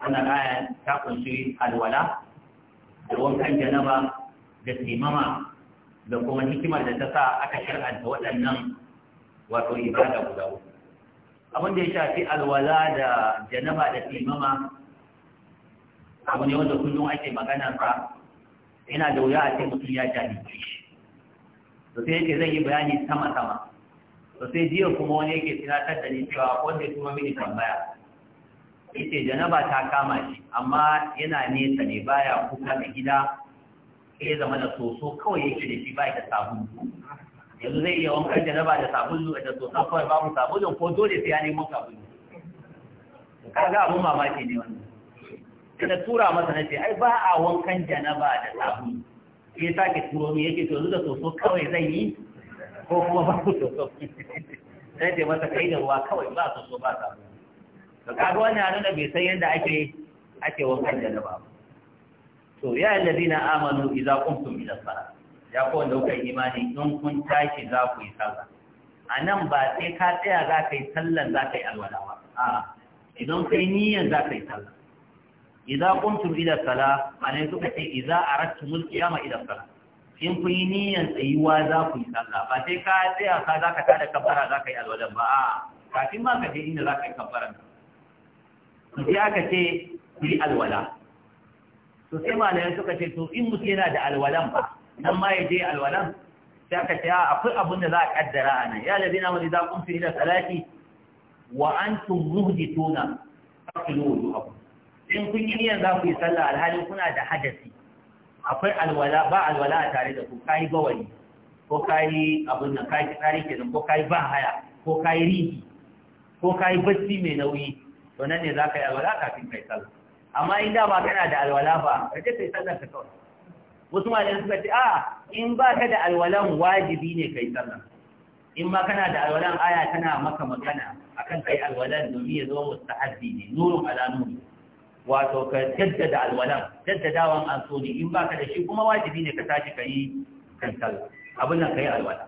wannan aya ta kunshi alwala da wankan janaba da timama da kuma hikimar da ta sa aka shar'anta waɗannan wato ibada guda uku abin da ya shafi alwala da janaba da timama abu ne wanda kullum ake magana ba yana da wuya a ce mutum ya ja shi to sai yake zan yi bayani sama sama to sai jiya kuma wani yake tunatar da ni cewa wanda ya kuma mini tambaya ita janaba ta kama shi amma yana nesa ne baya kuka da gida sai zama da soso kawai yake da shi ba da sabulu yanzu zai iya wankan janaba da sabulu da sosan kawai babu sabulu ko dole sai ya neman sabulu kaga abun mamaki ne wannan da tura masa na ce ai ba a wankan janaba da sabulu ya sake turo mu yake to da soso kawai zai yi ko kuma ba ku soso sai ce masa kai da ruwa kawai ba soso ba sabulu to kaga wannan nuna bai san yadda ake ake wankan janaba ba to ya allazina amanu idza qumtum ila salati ya kowa da imani in kun tashi za ku yi sallah a nan ba sai ka tsaya za ka yi sallah za ka yi alwalawa. a idan kai niyyar za ka yi sallah idza kuntum ila sala anan suka ce idza aradtumul qiyama ila sala in kun yi niyyar tsayuwa za ku yi sallah ba sai ka tsaya ka za ka tada kabbara za ka yi alwala ba a kafin ma ka je inda za ka yi kabbara sai aka ce ku yi alwala to sai malayan suka ce to in mutum yana da alwalan ba nan ma ya je alwalan sai aka ce akwai abin da za a kaddara a nan ya da zina wani za kun fi da salati wa an tun ruhdi tuna fakilu wuju abu in kun yi niyan za ku yi sallah alhali kuna da hadasi akwai alwala ba alwala a tare da ku kayi bawali ko kayi abin nan kayi tsari kenan ko kayi ba haya ko kayi rigi ko kayi bacci mai nauyi to nan ne za ka yi alwala kafin kai sallah amma in ba kana da alwala ba ka je kai sallar ka kawai wasu malayan suka ce a in ba ka da alwalan wajibi ne kai sallah in ma kana da alwalan aya tana maka magana akan kai alwalan domin ya zama mustahabbi ne nurun ala nuri wato ka jaddada alwalan jaddadawan an so ne in ba ka da shi kuma wajibi ne ka tashi yi kan sallah abin nan ka yi alwala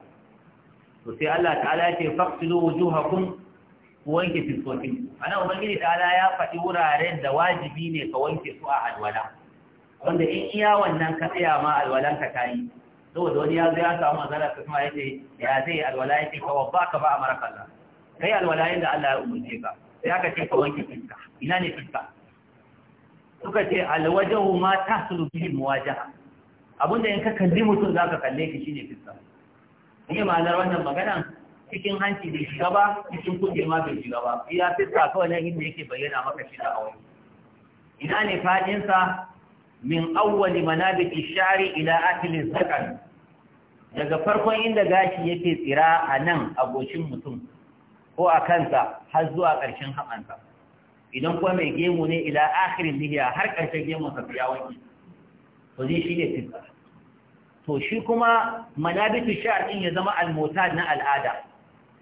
to sai Allah ta'ala ya ce faqtilu wujuhakum wanke fiskofin ana ubangiji ta'ala ya faɗi wuraren da wajibi ne ka wanke su a alwala wanda in iya wannan ka tsaya ma alwalanka ta yi saboda wani ya zai ya samu azara ta kuma yace ya zai alwala yake ka wabba ka ba amara mara kai alwala yadda Allah ya umarce ka sai aka ce ka wanke fiska ina ne fiska suka ce alwajahu ma tahsulu bihi muwajaha Abunda in ka kalli mutum zaka kalle ki shine fiska ni ma'anar wannan magana cikin hanci bai shiga ba cikin kuje ma bai shiga ba iya fiska kawai nan inda yake bayyana maka shi da awai ina ne fadinsa min awwali manabiti shari ila akhiri sakan daga farkon inda gashi yake tsira a nan a goshin mutum ko a kansa har zuwa ƙarshen haɓanta, idan kuma mai gemu ne ila akhirin lihiya har ƙarshen gemun sa ya wanke to zai shi ne fiska to shi kuma manabitu sha'ar ɗin ya zama almota na al'ada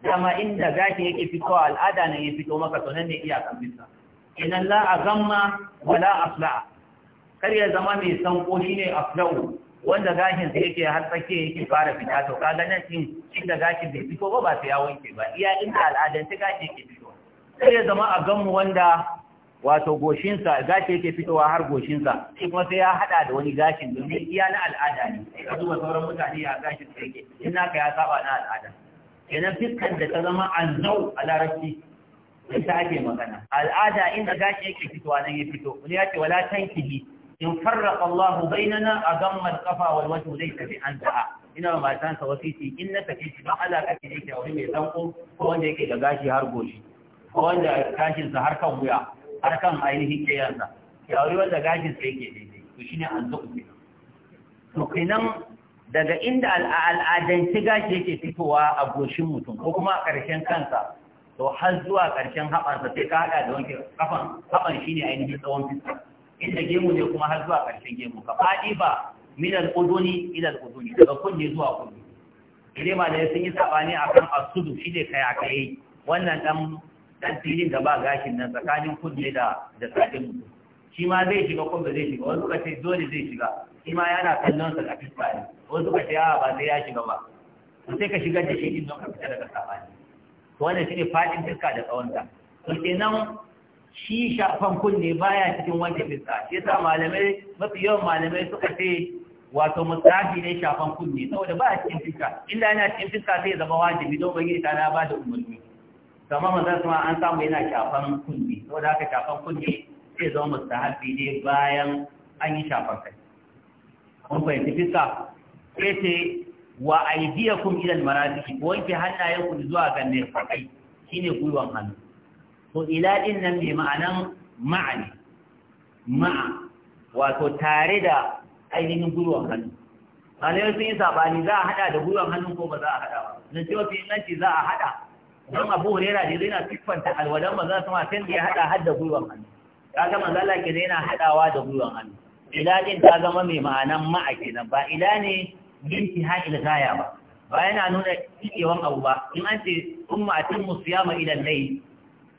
dama inda gashi yake fitowa al'ada ne ya fito maka to nan ne iyakan fiska idan la a gamma wala asla'a kar ya zama mai sanko a aflau wanda gashin sa yake har tsake yake fara fita to ga nan din da gashin bai fito ba ba sai ya wanke ba iya inda al'adan ta gashi yake fito kar ya zama a ganmu wanda wato goshin sa gashi yake fitowa har goshin sa shi kuma sai ya hada da wani gashin domin iya na al'ada ne sai ka duba sauran mutane a gashin sa yake in naka ya saba na al'ada kenan fiskar da ta zama annau a larabci ita ake magana al'ada inda gashi yake fitowa nan ya fito wani ya ce wala tankihi in farraqa Allah bainana agamma al-qafa wal wajhu laysa bi anta ina ma matan sa wasiti in na take shi ba Allah kake yake wani mai sanko ko wanda yake da gashi har goshi ko wanda gashin sa har kan wuya har kan ainihin kiyansa ya wuri wanda gashin sa yake daidai to shine an zuku ne to kenan daga inda al'adanci gashi yake fitowa a goshin mutum ko kuma a ƙarshen kansa to har zuwa ƙarshen haɓansa sai ka haɗa da wanke kafan haɓan shine ainihin tsawon fiska inda gemu ne kuma har zuwa ƙarshen gemu ka faɗi ba min al-uduni ila al-uduni daga kunne zuwa kunne idan ma da sun yi sabani akan asudu shi ne kai akai wannan dan dan filin da ba gashin nan tsakanin kunne da da tsakin mutum shi ma zai shiga ko ba zai shiga wani suka ce dole zai shiga shi ma yana kallon sa kafin fiska wani suka ce ba sai ya shiga ba to sai ka shigar da shi din don ka fita daga sabani to wannan shine faɗin fiska da tsawon ta to kenan shi shafan kunne baya cikin wanke fiska shi yasa malamai mafi yawan malamai suka ce wato musafi ne shafan kunne saboda baya cikin fiska inda yana cikin fiska sai zama wajibi don bangi ta na ba da umarni kama sama an samu yana shafan kunne saboda haka shafan kunne sai zama mustahabi ne bayan an yi shafan kai mun fahimci fiska sai ce wa aidiyakum ila almarafiq wanke hannayenku zuwa ga ne fakai shine gwiwan hannu to ila din nan ne ma'anan ma'ani ma'a wato tare da ainihin gwiwan hannu malamai sun yi sabani za a hada da gwiwan hannu ko ba za a hada ba na cewa fi inganci za a hada don abu hurera da zai na siffanta alwadan ba za su ma sai ya hada har da gwiwan hannu ya gama zala ke zai na hadawa da gwiwan hannu ila din ta zama mai ma'anan ma'a kenan ba ila ne binti ha'il gaya ba ba yana nuna cikewan abu ba in an ce umma atin musiyama ila layl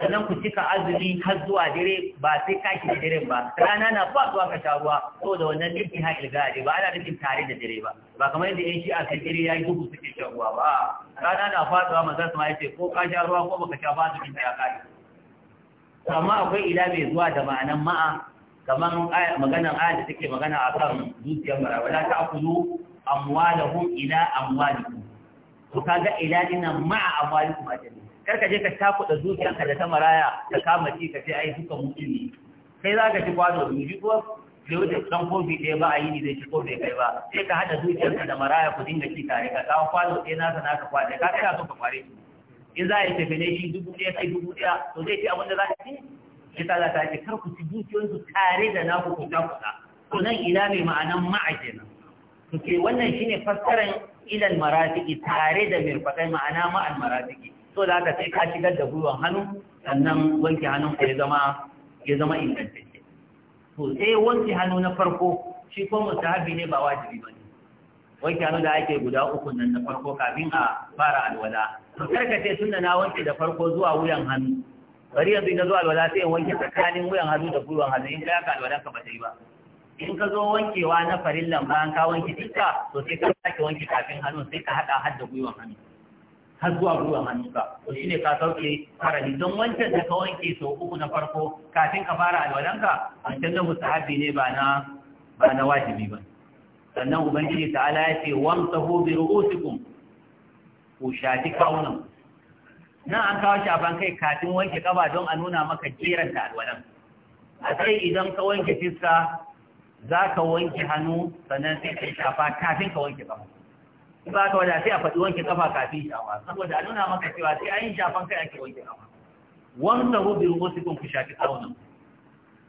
sannan ku cika azumi har zuwa dare ba sai ka da dare ba rana na zuwa ka sha ruwa da wannan dinki ha ilgadi ba ana rikin tare da dare ba ba kamar yadda yan a kan dare yayi duhu suke shan ruwa ba rana na faduwa manzo sama yace ko ka sha ruwa ko baka sha ba su ya kai amma akwai ila mai zuwa da ma'anan ma'a kamar maganar aya da take magana kan zuciyar mara wala ta akulu amwalahum ila amwalikum ku kaga ila dinan ma'a amwalikum ajali kar ka je ka da zuciyarka da ta maraya ka kama ci ka ce ai duka mutu ne kai za ka ci kwano biyu shi kuwa da wuce ɗan kofi ɗaya ba a yi ni zai ci kofi kai ba sai ka haɗa zuciyarka da maraya ku dinga ci tare ka kawo kwano ɗaya nasa naka kwaɗe ka kai so ka kware su in za a yi tafi ne shi dubu ɗaya kai dubu ɗaya to zai ci abin da za ka ci shi ta ta ce kar ku ci dukiyoyinsu tare da naku ku ta kuɗa to nan ina mai ma'anan ma'a kenan to ke wannan shine fassarar ilal maratiki tare da mirfaƙai ma'ana ma'al maratiki so da haka sai ka shigar da gwiwan hannu sannan wanke hannun ka ya zama ya zama ingantacce to sai wanke hannu na farko shi ko mustahabi ne ba wajibi ba ne wanke hannu da ake guda uku nan na farko kafin a fara alwala to karkace tunda na wanke da farko zuwa wuyan hannu bari yanzu na zo alwala sai wanke tsakanin wuyan hannu da gwiwan hannu in ka yaka alwala ka ba ta yi ba in ka zo wankewa na farillan bayan ka wanke dukka to sai ka sake wanke kafin hannun sai ka haɗa har da gwiwan hannu har zuwa gwiwa hannunka to shine ka sauke farali don wancan da ka wanke sau uku na farko kafin ka fara alwalanka wancan na mustahabi ne ba na ba na wajibi ba sannan ubangiji ta'ala ya ce wamsahu bi ru'usikum ku shafi kaunan Na an kawo shafan kai kafin wanke kaba don a nuna maka jeran ta alwalan a sai idan ka wanke fiska za ka wanke hannu sannan sai ka shafa kafin ka wanke kaba ba ka wada sai a faɗi wanke ƙafa kafin shafa saboda a nuna maka cewa sai an yi shafan kai ake wanke ƙafa. wanda rubin wasu kun ku shafi tsaunin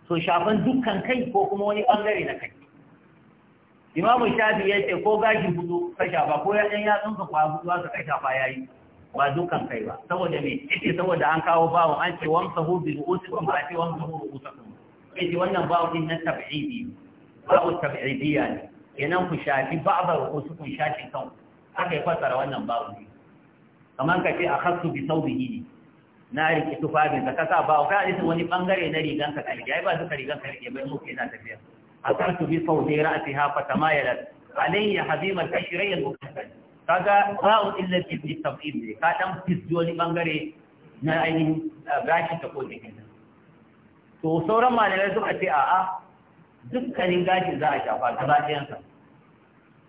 so shafan dukkan kai ko kuma wani bangare na kai imamu shafi ya ce ko gashi hudu ka shafa ko ya ɗan yatsun ka kwa hudu ka shafa ya yi ba dukkan kai ba saboda me yake saboda an kawo bawon an ce wamsa hu bi ru'usikum ba ce wamsa hu ru'usakum yake wannan bawon din na tab'idi bawon tab'idiyya ne kenan ku shafi ba'da kun shafi kanku haka ya fassara wannan babu kamar ka ce a hasu bi saubihi ne na riƙe tufafinsa ka sa ba ka isa wani bangare na rigan ka Ya yi ba duka ka riƙe bai muke na tafiya a hasu bi saude ra'atiha fa tamayalat alayya habiman ka mukaddal kaga ra'u illati fi tafid ne ka dan fisjo wani bangare na ainihin eh, gashi ta ko jikin to sauran malamai suka ce a'a dukkanin gashi za a shafa gaba ɗayansa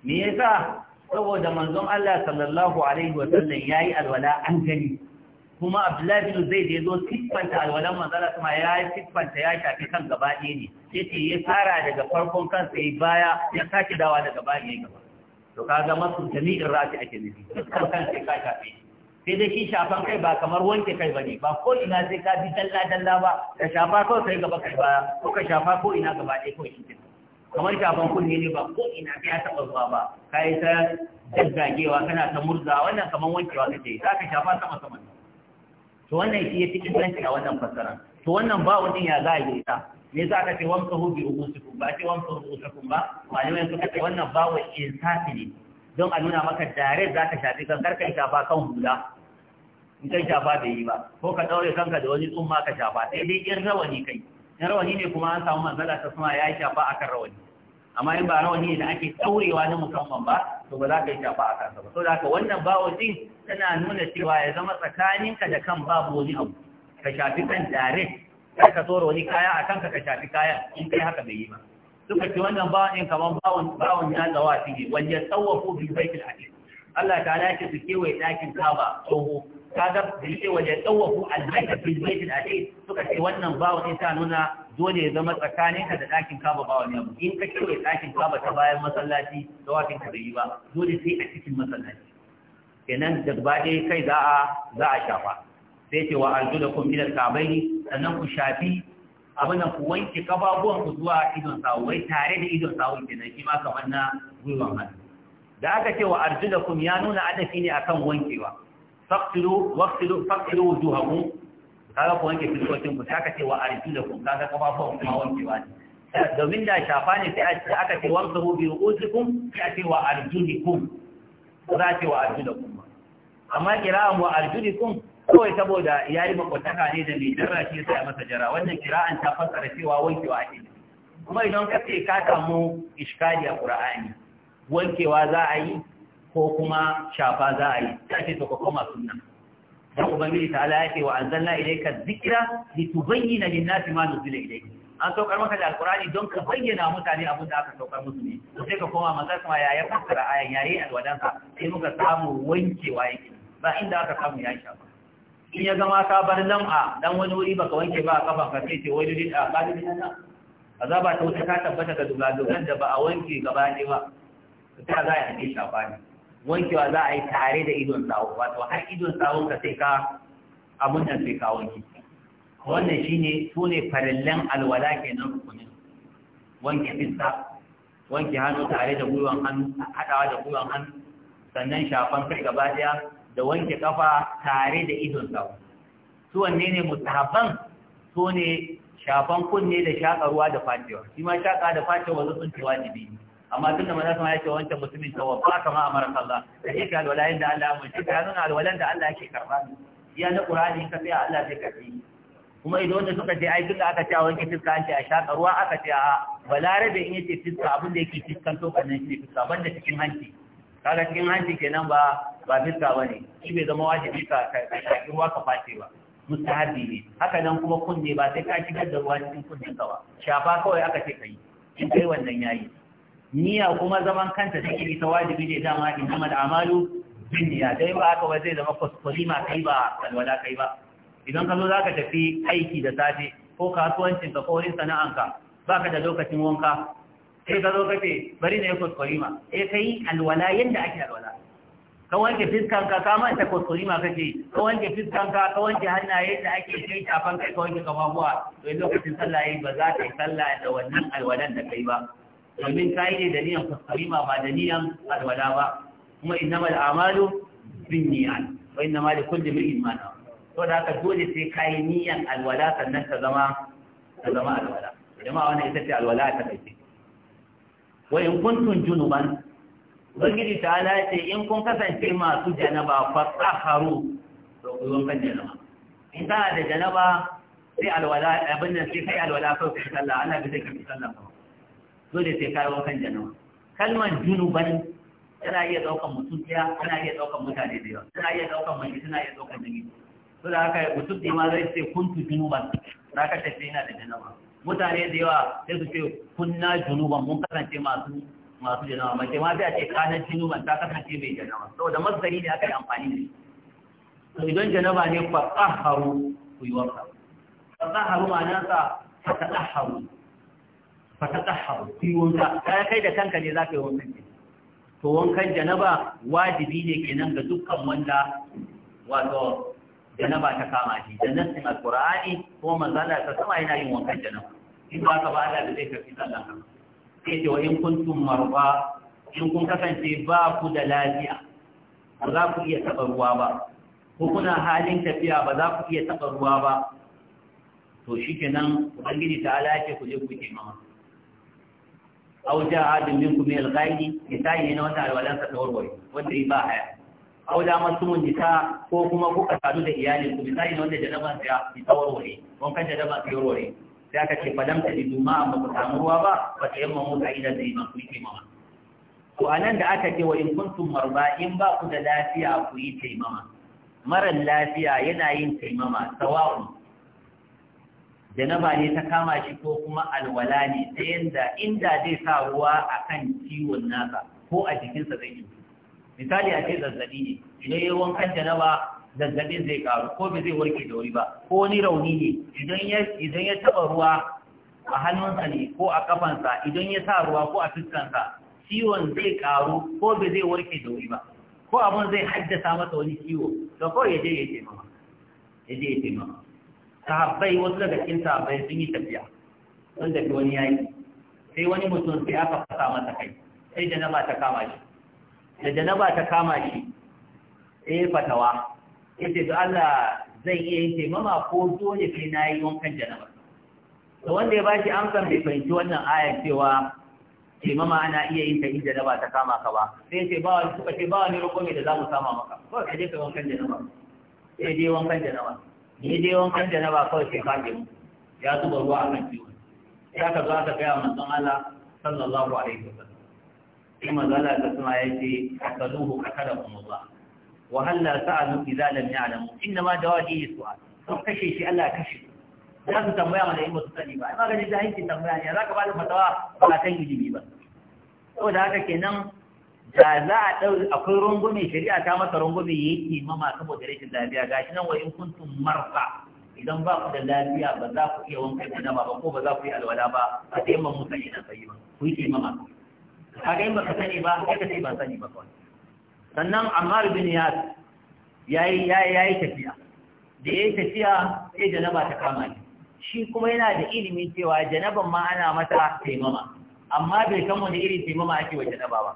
me yasa saboda manzon Allah sallallahu alaihi wa sallam yayi alwala an gani kuma Abdullahi bin Zaid ya zo siffanta alwalan manzala kuma ya siffanta ya shafi kan gaba ɗaya ne yace ya fara daga farkon kan sai baya ya saki dawa daga baya ya gaba to kaga masu jami'in rafi ake nufi kan kan sai ka shafe sai dai shi shafan kai ba kamar wanke kai bane ba ko ina sai ka bi dalla dalla ba ka shafa ko sai gaba kai baya ko ka shafa ko ina gaba ɗaya ko shi kamar shafan kunne ne ba ko ina ta ya taɓa zuwa ba ka yi ta jaggagewa kana ta murza wannan kamar wankewa kake za ka shafa sama sama to wannan shi ya fi inganci a wannan fassara to wannan ba wani ya za a yi ta me za aka ce wamsa hu bi su? ba ce wamsa rubusakum ba malamai suka ce wannan ba wa insafi ne don a nuna maka dare za ka shafi kan karka shafa kan hula in kai shafa bai yi ba ko ka ɗaure kanka da wani tsumma ka shafa sai dai in rawani ne kai in rawani ne kuma an samu matsala ta suna ya yi shafa a kan rawani amma in ba rawani ne da ake ɗaurewa na musamman ba to ba za ka yi shafa a kansa ba so da wannan bawo din tana nuna cewa ya zama tsakaninka da kan babu wani abu ka shafi kan dare kar ka tsoro wani kaya a kanka ka shafi kaya in kai haka bai yi ba suka ce wannan bawan ɗin kamar bawan bawan ya zawa shi ne wanda ko bi baitul hadis Allah ta ce su kewaye ɗakin kaba tsoho kaga da yake waje tsawafu albaita fil baitil atiq suka ce wannan bawo ne ta nuna dole ya zama tsakanin ka da dakin kaba bawo ne in ka kewaye dakin kaba ta bayan masallaci tawafin ka bai ba dole sai a cikin masallaci kenan da dai kai za a za a shafa sai ce wa arjulakum ila al-ka'bayn sannan ku shafi abin da ku wanke kafafuwan ku zuwa idon sawu wai tare da idon sawu kenan shi ma kamar na gwiwan hannu da aka ce wa arjulakum ya nuna adafi ne akan wankewa faqilu waqilu faqilu wujuhakum kaga ko wanke fiskokin ku saka ce wa arjulakum kaga kafafuwan kuma wankewa ne domin da shafa ne sai aka ce wamsahu bi ru'usikum sai ce wa arjulikum za a ce wa arjulakum amma kira'an wa arjulikum kawai saboda ya yi makwataka ne da mai jarra shi sai a masa jara wannan kira'an ta fassara cewa wankewa ake kuma idan ka ce ka samu iskali a qur'ani wankewa za a yi ko kuma shafa za a yi ta ce ta kwakwama suna da ubangiji ta ala yake wa anzalna ilayka dhikra na lin-nasi ma nuzila ilayka an saukar maka da alkurani don ka bayyana mutane abin da aka saukar musu ne sai ka koma manzon kuma ya ya fassara ayan yayin alwadansa sai muka samu wankewa yake ba inda aka samu ya shafa in ya zama ka bar lam'a dan wani wuri baka wanke ba a kafan ka sai ce wani din a kadin nan azaba ta wuce ka tabbata ga dubla da ba a wanke gaba ɗaya ba ta za a yi shafa ne wankewa za a yi tare da idon tsawo, wato har idon sawun ka sai ka abun da sai ka wanke wannan shine sune farallan alwala kenan rukunin wanke fiska wanke hannu tare da gwiwan hannu hadawa da gwiwan hannu sannan shafan kai gaba daya da wanke kafa tare da idon tsawo. su wanne ne mustahaban su ne shafan kunne da shakarwa da fatewa shi ma shaka da fatewa wasu sun ce wajibi ne amma tun da manasa ya ce wancan musulmin tawabba kama amara kalla da shi ka alwalayin da Allah ya mace ka nuna alwalan da Allah yake karba iya na Qur'ani ka sai Allah zai kafi kuma idan wanda suka ce ai tunda aka ce wanke fiska an ce a shaka ruwa aka ce a da in yace fiska abin da yake fiskan to kan shi fiska banda cikin hanci kaga cikin hanci kenan ba ba fiska bane shi bai zama wajibi ka shaki ruwa ka face ba mustahabi ne haka nan kuma kunne ba sai ka shigar da ruwa cikin kunne ka ba shafa kawai aka ce kai in kai wannan yayi niyya kuma zaman kanta take ita wajibi ne dama in kuma da amalu bin niyya dai ba aka ba zai zama kwaskwalima kai ba alwala kai ba idan ka zo za ka tafi aiki da safe ko kasuwancinka ko rin sana'anka ba ka da lokacin wanka sai ka zo ka ce bari na yi kwaskwalima eh kai alwala yadda ake alwala ka wanke fiskanka ka manta kwaskwalima ka ce ka wanke fiskanka ka wanke hannaye da ake kai shafan kai ka wanke kafafuwa to lokacin sallah ba za ka yi sallah da wannan alwalan da kai ba domin ta yi ne da niyan fasarima ba da niyan alwala ba kuma innama al'amalu bin niyan wa innama da kulli mir'in ma nawa to da haka dole sai ka yi niyan alwala sannan ta zama ta zama alwala jama'a wannan ita ce alwala ta kai wa in kuntum junuban ubangiji ta ala ce in kun kasance masu janaba fasaharu to ku wankan janaba in kana da janaba sai alwala abin nan sai kai alwala kai ku sallah ana bi da kai sallah dole sai kayi kan janaba kalmar junuban tana iya daukan mutum daya tana iya daukan mutane da yawa tana iya daukan mai tana iya daukan jini to da haka mutum da ma zai ce kuntu junuban za ka tafi yana da janaba mutane da yawa sai su ce kunna junuban mun kasance masu masu janaba mace ma sai a ce kanar junuban ta kasance mai janaba saboda masgari ne aka yi amfani da shi to idan janaba ne fa tsaharu ku yi wanka fa tsaharu ma'anarsa fa tsaharu fatadahharu yi wanka kai da kanka ne zaka yi wankan to wankan janaba wajibi ne kenan ga dukkan wanda wato janaba ta kama shi da nassin alqur'ani ko manzala ta sama yana yin wankan janaba in ba ka ba da zai kafi sallan ka sai ce wa in kuntum marba in kun kasance ba ku da lafiya ba za ku iya taɓa ruwa ba ko kuna halin tafiya ba za ku iya taɓa ruwa ba to shi ke kenan ubangiji ta ala ce ku je ku ke mama aw jaa adin minkum min al-ghaibi misali ne wanda alwalan sa tawarware wanda ba haya aw da masumun jita ko kuma kuka sadu da iyalin ku misali ne wanda janaban sa ya tawarware wankan janaban sa tawarware sai aka ce falam ta di duma amma ku samu ruwa ba ba ta yamma mu ka'ida da iman ku yi taimama to anan da aka ce wa in kuntum marba in ba ku da lafiya ku yi taimama marar lafiya yana yin taimama sawa'un janaba ne ta kama shi ko kuma alwala ne ta yadda inda zai sa ruwa a kan ciwon nasa ko a jikinsa zai cutu misali a ce zazzabi ne idan ya wankan janaba zazzabin zai karu ko bai zai warke da wuri ba ko ni rauni ne idan ya taba ruwa a hannunsa ne ko a kafansa idan ya sa ruwa ko a fuskansa ciwon zai karu ko bai zai warke da wuri ba ko abin zai haddasa masa wani ciwo da kawai ya je ya taimaka ya ya taimaka. sahabbai wasu daga cikin sahabbai sun yi tafiya sun tafi wani yayi sai wani mutum sai aka fasa masa kai sai janaba ta kama shi da janaba ta kama shi ya fatawa Ya ce da Allah zai iya yin taimama ko dole sai na yi wankan janaba to wanda ya bashi amsar bai fahimci wannan ayar cewa taimama ana iya yin ta in janaba ta kama ka ba sai ce ba wani suka ce ba wani roƙo mai da za mu sama maka ko ka je ka wankan janaba sai je wankan janaba daidai wankan da na ba kawai sai fage ya zuba ruwa a kan ciwon ya ka zo aka gaya manzon Allah sallallahu alaihi wasallam sai manzon Allah ta suna ya ce akaluhu akalakum Allah wa halla sa'alu idza lam ya'lamu inna ma dawadi su'al sun kashe shi Allah kashe za su tambaya mana in ba su sani ba ai maganin jahilci tambaya ne za ka ba da fatawa ba kan ilimi ba saboda haka kenan da za a ɗau akwai rungumi shari'a ta masa rungumi ya yi mama saboda rashin lafiya ga shi nan wa in kuntum marfa idan ba ku da lafiya ba za ku iya wanka da nama ba ko ba za ku yi alwala ba a yi man musa ina sayi ba ku yi mama ga in ba ka sani ba Ya ka sai ban sani ba kawai sannan Ammar bin Yas yayi yayi tafiya da yayi tafiya sai janaba ta kama ni. shi kuma yana da ilimin cewa janaban ma ana mata taimama amma bai san wani irin taimama ake wa janaba ba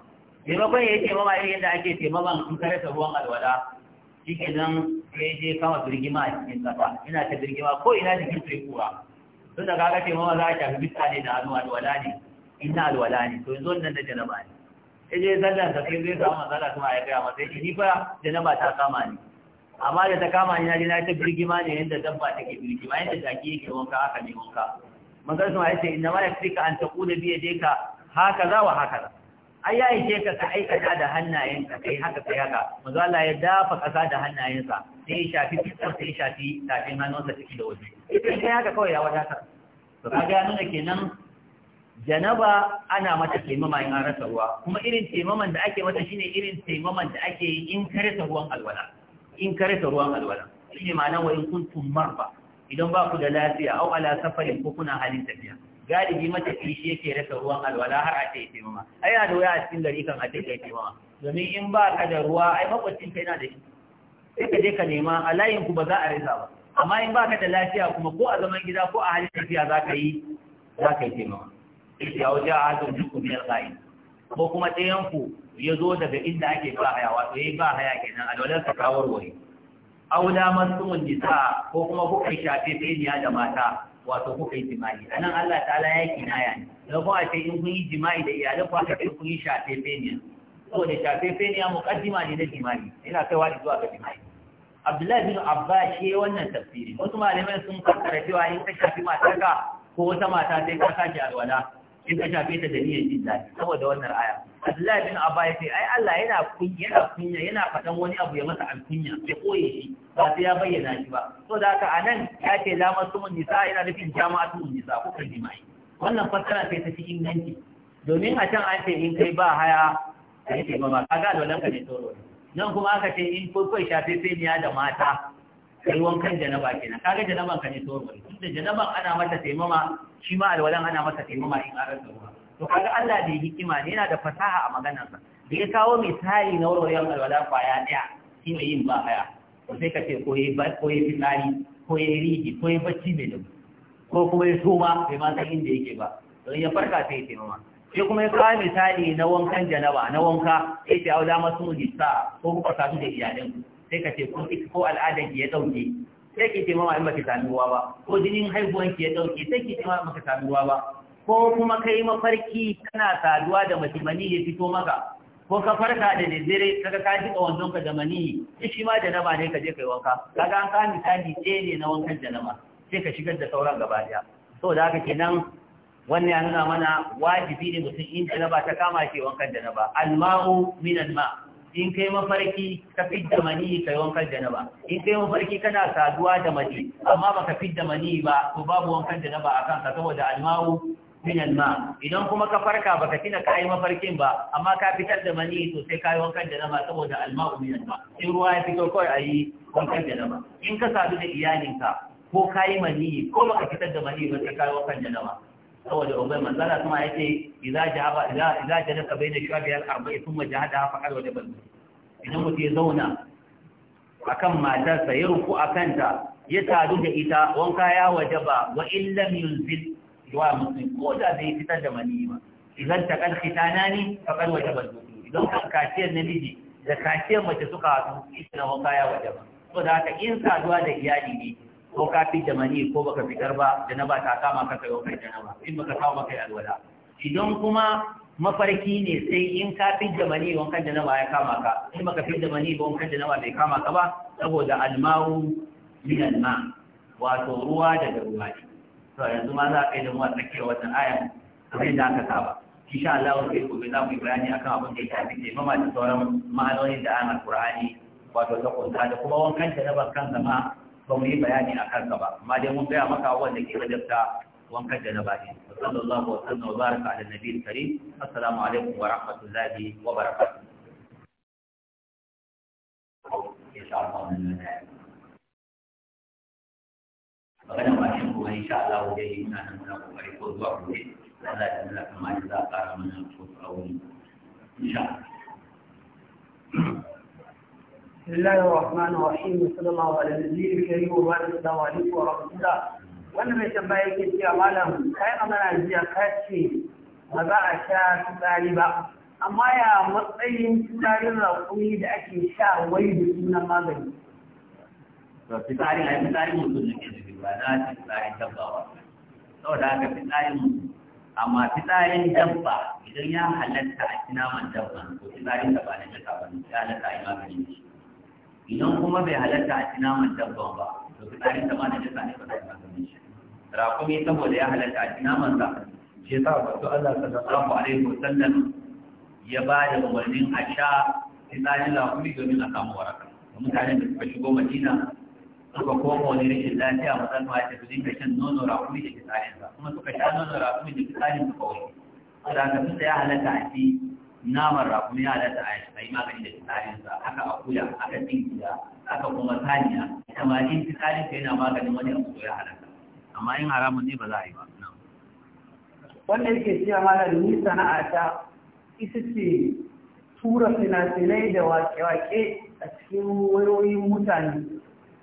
taimakon ya yi taimama irin yadda ake taimaman in ka rasa ruwan alwala shi ke nan yi je kama birgima a cikin ƙasa ina ta birgima ko ina jikin sai kuwa tun da kaga taimama za a shafi bisa ne da hannu alwala ne ina alwala ne to yanzu wannan da janaba ne Ya je zallan sa sai zai samu matsala kuma ya gaya masa yake ni fa janaba ta kama ni amma da ta kama ni na je na ta birgima ne yadda dabba take birgima yadda jaki yake wanka haka ne wanka manzon sama ya ce ina ma ka an taqula ka haka za wa haka za? ai ya yi ka ka aikata da hannayenka kai haka kai haka manzo Allah ya dafa kasa da hannayensa sai ya shafi fitar sai ya shafi tafin hannunsa ciki da waje sai kai haka kawai ya wadata to ka gano da kenan janaba ana mata taimama in an rasa ruwa kuma irin taimaman da ake mata shine irin taimaman da ake yi in ka rasa ruwan alwala in ka rasa ruwan alwala shine ma'ana wa in kuntum marba idan ba ku da lafiya au ala safarin ko kuna halin tafiya galibi matafi shi yake rasa ruwan alwala har a ce ya taimama ai yana da wuya a cikin gari kan a ce ya taimama domin in ba ka da ruwa ai makwacin ka yana da shi sai ka je ka nema a layin ku ba za a rasa ba amma in ba ka da lafiya kuma ko a zaman gida ko a halin tafiya za ka yi za ka yi taimama ya wuce a hakan dukkan biyar sa'in ko kuma ɗayan ku ya zo daga inda ake ba haya wato ya yi ba haya kenan alwalar ka kawarware aula masumun nisa ko kuma kuka shafe sai da mata wato kuka yi jima'i a nan Allah ta'ala ya kinaya ne da kuma ce in kun yi jima'i da iyalan ku aka ce kun yi shafefeniya saboda shafefeniya muqaddima ne na jima'i ina kaiwa da zuwa ga jima'i Abdullahi bin Abba shi wannan tafsiri wasu malamai sun fassara cewa in ka shafi matarka ko wata mata sai ka sake alwala in ka shafe ta da niyyar jin daɗi saboda wannan aya Abdullahi bin Abba ya ce ai Allah yana kunya yana kunya yana faɗan wani abu ya masa alkunya ya koye shi ba sai ya bayyana shi ba so da haka anan ya ce la masumun nisa yana nufin mun nisa ko kan jima'i wannan fassara sai ta cikin ganti domin a can an ce in kai ba haya a yi taimama kaga alwalan ka ne tsoro nan kuma aka ce in kwaikwai shafe feniya da mata kai wankan janaba kenan kaga janaban ka ne tsoro tunda janaban ana mata taimama shi ma alwalan ana mata taimama in an rasa ruwa to kaga Allah da hikima ne yana da fasaha a maganarsa da ya kawo misali na warwayen alwala kwaya daya shi ne yin bahaya Ko sai ka ce ko yi ko yi fitsari ko yi rihi ko yi bacci mai dubu ko kuma ya soma bai ma san inda yake ba don ya farka sai ya taimama sai kuma ya kawo misali na wankan janaba na wanka sai ta auda masu lissa ko kuka sadu da iyalanku sai ka ce kun ko al'adar ki ya dauke sai ki taimama in baki sami ruwa ba ko jinin haihuwan ki ya dauke sai ki mama in baki sami ruwa ba ko kuma ka yi mafarki kana saduwa da matimani ya fito maka ko ka farka da dare kaga ka jika wannan ka da mani shi ma da nama ne ka je kai wanka kaga an ka misali ɗaya ne na wankan da nama sai ka shigar da sauran gaba daya so da haka kenan wannan ya nuna mana wajibi ne mutum in janaba ta kama ke wankan janaba alma'u min alma in kai mafarki ka fidda mani yi wankan janaba in kai mafarki kana saduwa da mani amma baka fidda mani ba to babu wankan janaba akan ka saboda alma'u minan ma idan kuma ka farka baka tina kai mafarkin ba amma ka fitar da mani to sai kai wankan da nama saboda alma'u minan ma in ruwa ya fito kawai ayi wankan da nama in ka sadu da iyalinka ko kai mani ko baka fitar da mani ba sai kai wankan da nama saboda ubai manzala kuma yace idza jahaba idza idza jalaka baina shabi al arba'i thumma jahada fa qad wajaba idan mutum ya zauna akan matarsa ya ruku akanta ya sadu da ita wanka ya wajaba wa illam yunzil wa musulmi ko da bai fitar da mani ba idan ta kan khitana ne ta kan waje ba idan kan kaciyar namiji da kaciyar mace suka wasu, ita na wanka ya waje ba to da haka in saduwa da iyali ne ko ka fi da mani ko baka fitar ba da na ba ta kama ka kai wankan janaba in baka kama kai alwala idan kuma mafarki ne sai in ka da mani wankan da nawa ya kama ka in baka fi da mani ba wankan da nawa bai kama ka ba saboda almawu min alma wato ruwa daga ruwa ne to yanzu ma za a kai da mu a tsakiyar wannan aya kamar da aka saba insha Allah sai gobe za mu yi bayani akan abin da ya shafi taimama da sauran ma'anoni da ana Qur'ani wato ta kunta da kuma wankan ta ban kansa ma ba mu yi bayani a kansa ba amma dai mun gaya maka wanda ke rajabta wankan da ba ne sallallahu alaihi wa sallam wa baraka ala nabiyil karim assalamu alaikum wa rahmatullahi wa barakatuh insha Allah magana ba shi insha Allah dai ina nan muna kokari ko zuwa gobe Allah ya nuna kamar da za a ƙara mana wasu abubuwa insha Allah بسم الله الرحمن الرحيم صلى الله على النبي الكريم وعلى السلام عليكم ورحمه الله wanda mai tambaya yake cewa malam kai amana jiya ka ce ba za a sha fitsari ba amma ya matsayin fitsarin raƙumi da ake sha wai da sunan magani fitsarin a fitsarin mutum ne ba fitsarin dabba ba saboda haka fitsarin amma fitsarin dabba idan ya halatta a naman dabba ko fitsarin da ba na jaka ba ne ya halatta a yi maganin shi idan kuma bai halatta a man dabba ba to fitsarin da ba na jaka ne ba za a yi maganin shi rakumi saboda ya halatta a naman dabba shi ba wato Allah sallallahu alaihi sallam ya ba da umarnin a sha fitsarin rakumi domin a samu waraka mutane da suka shigo madina suka koma wani rashin lafiya mazan ma ta fi ka shan nono rakumi da fitsarin ba kuma suka sha nono rakumi da fitsarin kawai, wani da aka fita ya halatta a fi naman rakumi ya halatta a yi magani da fitsarin sa aka akuya aka tinkiya aka kuma saniya ita ma in fitsarin ka yana maganin wani abu ya halatta amma in haramun ne ba za a yi ba Wannan yake siya mana da ni ta isa ce tura fina-finai da wake-wake a cikin wayoyin mutane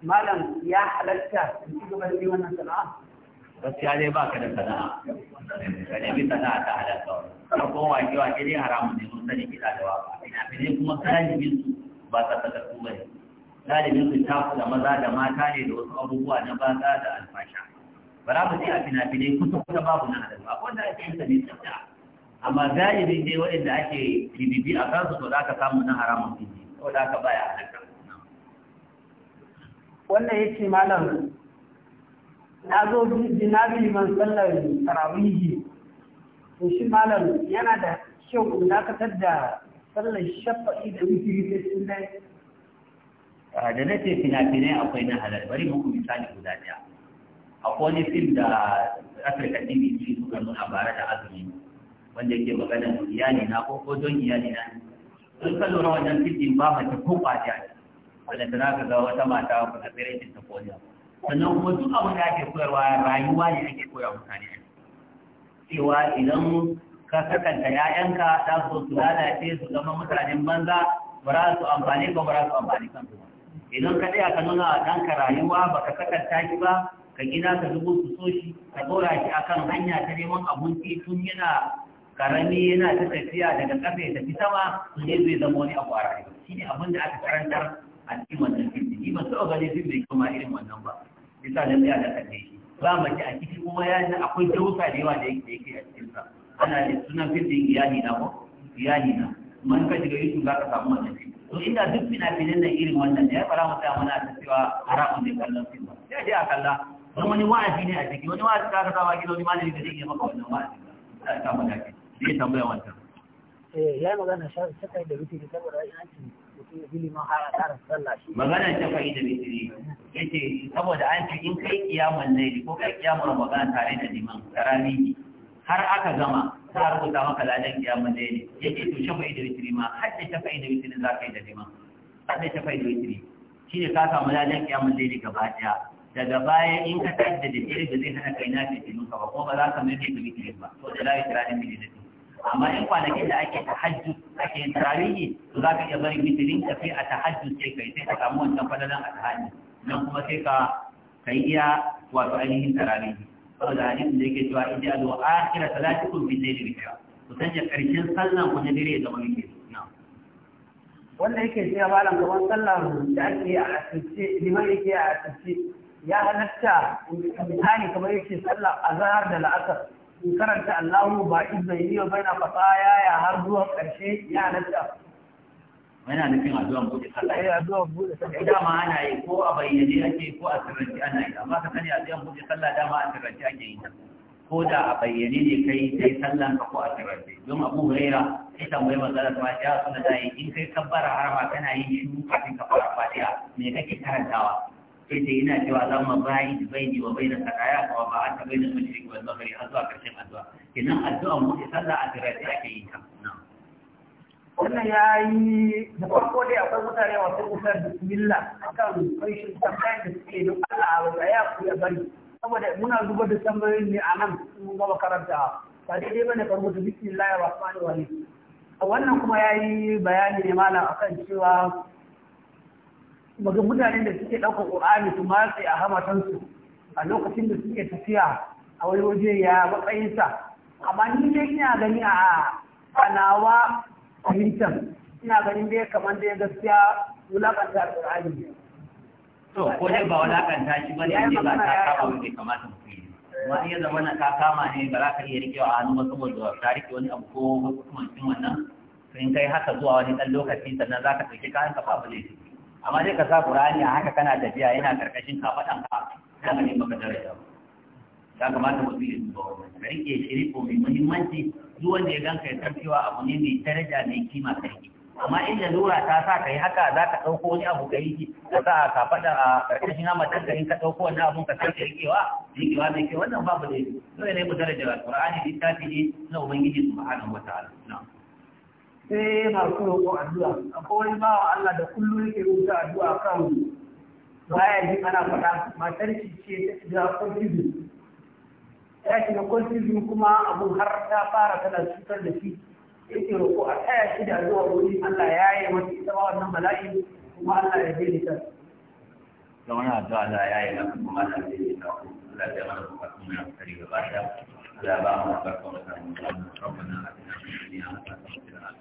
malam ya halatta in ci gaba da yi wannan sana'a gaskiya dai ba ka da sana'a ka nemi sana'a ta halatta wani kuma wake wake dai haramun ne mun sani kiɗa da waka ina fi dai kuma galibin su ba ta sakatu ba ne galibin su ta da maza da mata ne da wasu abubuwa na banza da alfasha ba za mu ji a fina-finai kusa kusa babu na halatta akwai wanda ake yin sa ne tsafta amma galibin dai waɗanda ake ribibi a kansu to za ka samu na haramun ne ko za ka baya halarta. wannan ya ce malam na zo jinabi man sallar tarawihi to shi malam yana da kyau in dakatar da sallar shafa'i da wikiri sai sun dai da na ce fina-finai akwai na halar bari muku misali guda daya akwai wani fim da afirka tv ci suka nuna bara da azumi wanda yake magana iyali na ko don iyali na sun kalora wannan fim din ba ta ko ƙwace wanda tana ka ga wata mata a tsirin ta koya sannan kuma duk abin da ake koyarwa rayuwa ne ake koya mutane cewa idan ka sakanta ‘ya'yanka za su su lalace su zama mutanen banza ba za su amfani ba ba za su amfani kansu ba idan ka tsaya ka nuna wa ɗanka rayuwa ba ka sakanta shi ba ka gina ka zubo su so shi ka ɗora shi a kan hanya ta neman abinci tun yana karami yana ta tafiya daga ƙasa ya tafi sama su ne zai zama wani abu a rayuwa shi ne abin da aka karantar a cikin wannan filmi ni ban taɓa ganin filmi kuma irin wannan ba bisa na tsaya da kalle shi ba mace a ciki kuma ya yi akwai dausa da yawa da yake a cikinsa ana da sunan filmi iyali na ko iyali na man ka shiga yusuf za ka samu wannan filmi to inda duk fina-finan nan irin wannan da ya fara mutu mana ta cewa haramun ne kallon fim ba. sai dai a kalla don wani wa'azi ne a ciki wani wa'azi ka ka saba gida wani malami da zai iya maka wannan wa'azi ka ka faɗa ke zai tambaya wancan. Eh, ya yi magana shafi sakai da rufi da saboda yanci liman har a sallah shi magana ta fa'i da mitri yace saboda an ce in kai kiyamun laili ko kai kiyamun ramadan tare da liman karami har aka gama za a rubuta maka ladan kiyamun laili yace to shafa'i da mitri ma har da shafa'i da mitri za ka yi da liman har da shafa'i da mitri shine ka samu ladan kiyamun laili gaba daya daga baya in ka tashi da dare ba zai hana kai na fitilun ka ba ko ba za ka mai da mitri ba ko da la ilaha illa billah amma in kwanakin da ake tahajju ake yin tarihi to za ka iya bari mitirin ka sai a tahajju sai kai sai ka samu wancan fadalan a tahajju don kuma sai ka kai iya wato ainihin tarihi saboda hadisin da yake cewa idan azu akhira salatikum bi bi bikra ku sanya karshen sallan ku na dare da wani ke wanda yake cewa malam kamar sallar da ake a asirce liman yake a asirce ya halatta misali kamar yake sallar azhar da la'asar in karanta Allahu ba izbaini wa baina fasaya ya har zuwa karshe ya nasta yana nufin addu'an buɗe sallah eh addu'an buɗe sallah dama ana yi ko a bayyane ake ko a sirrance ana yi amma ka sani addu'an buɗe sallah dama a sirrance ake yi ko da a bayyane ne kai sai sallan ka ko a sirrance don abu huraira sai tambayi manzala ta ya suna da yi in kai kabbara ma kana yin shi kafin ka fara fatiha me kake karantawa yana cewa za mu ba yi da bai wa bai da kadaya ko ba a aka da mashi wal maghrib har zuwa karshen addu'a kenan addu'a mu sai sallah a tirafi ake yi ta wannan ya yi da farko dai akwai mutane masu wutar bismillah akan kanshin tambayan da suke don Allah a wata ya ku ya bari saboda muna zubar da tambayoyin ne a nan mun gaba karanta ba daidai bane ka rubuta bismillah ya rahmani rahim wannan kuma ya yi bayani ne malam akan cewa maga mutanen da suke ɗaukar ƙur'ani su matse a hamatansu a lokacin da suke tafiya a wani waje ya matsayinsa amma ni dai ina gani a kanawa fahimtar ina ganin dai kamar da ya gaskiya wulaƙanta alƙur'ani to ko dai ba wulaƙanta shi ba ne ba ta kama mai kamata mu yi wani ya zama na ka kama ne ba za ka iya rikewa a hannu ba saboda ta rike wani abu ko hukumancin wannan sun kai haka zuwa wani ɗan lokaci sannan za ka ɗauki kayan ka babu laifi amma dai ka sa Qur'ani a haka kana tafiya yana karkashin kafadan ka kana ne maka daraja ya kamata mu bi su ba ka rike shiri ko mai muhimmanci duk wanda ya ganka ya san abu ne mai daraja mai kima kai amma in lura ta sa ka yi haka za ka ɗauko wani abu ka yi ka sa a fada a ƙarƙashin amma dan in ka ɗauko wani abun ka sake riƙewa rikewa mai ke wannan babu da dole ne mu daraja alƙur'ani tafi ne na ubangiji subhanahu wa ta'ala na'am sai masu roƙo addu'a akwai wani bawa Allah da kullum yake rubuta addu'a kan baya ji ana faɗa matar shi ce ta shiga confusion ya shiga confusion kuma abun har ta fara tana cutar da shi yake roƙo a taya shi da addu'a wuri Allah ya yi mata ita ba wannan bala'i kuma Allah ya je ta da wani addu'a Allah ya yi maka kuma Allah ya je ta Allah ya mana kuma kuma ya tsari gaba ɗaya Allah ya ba mu barka mu da mu rabbana atina fid dunya hasanatan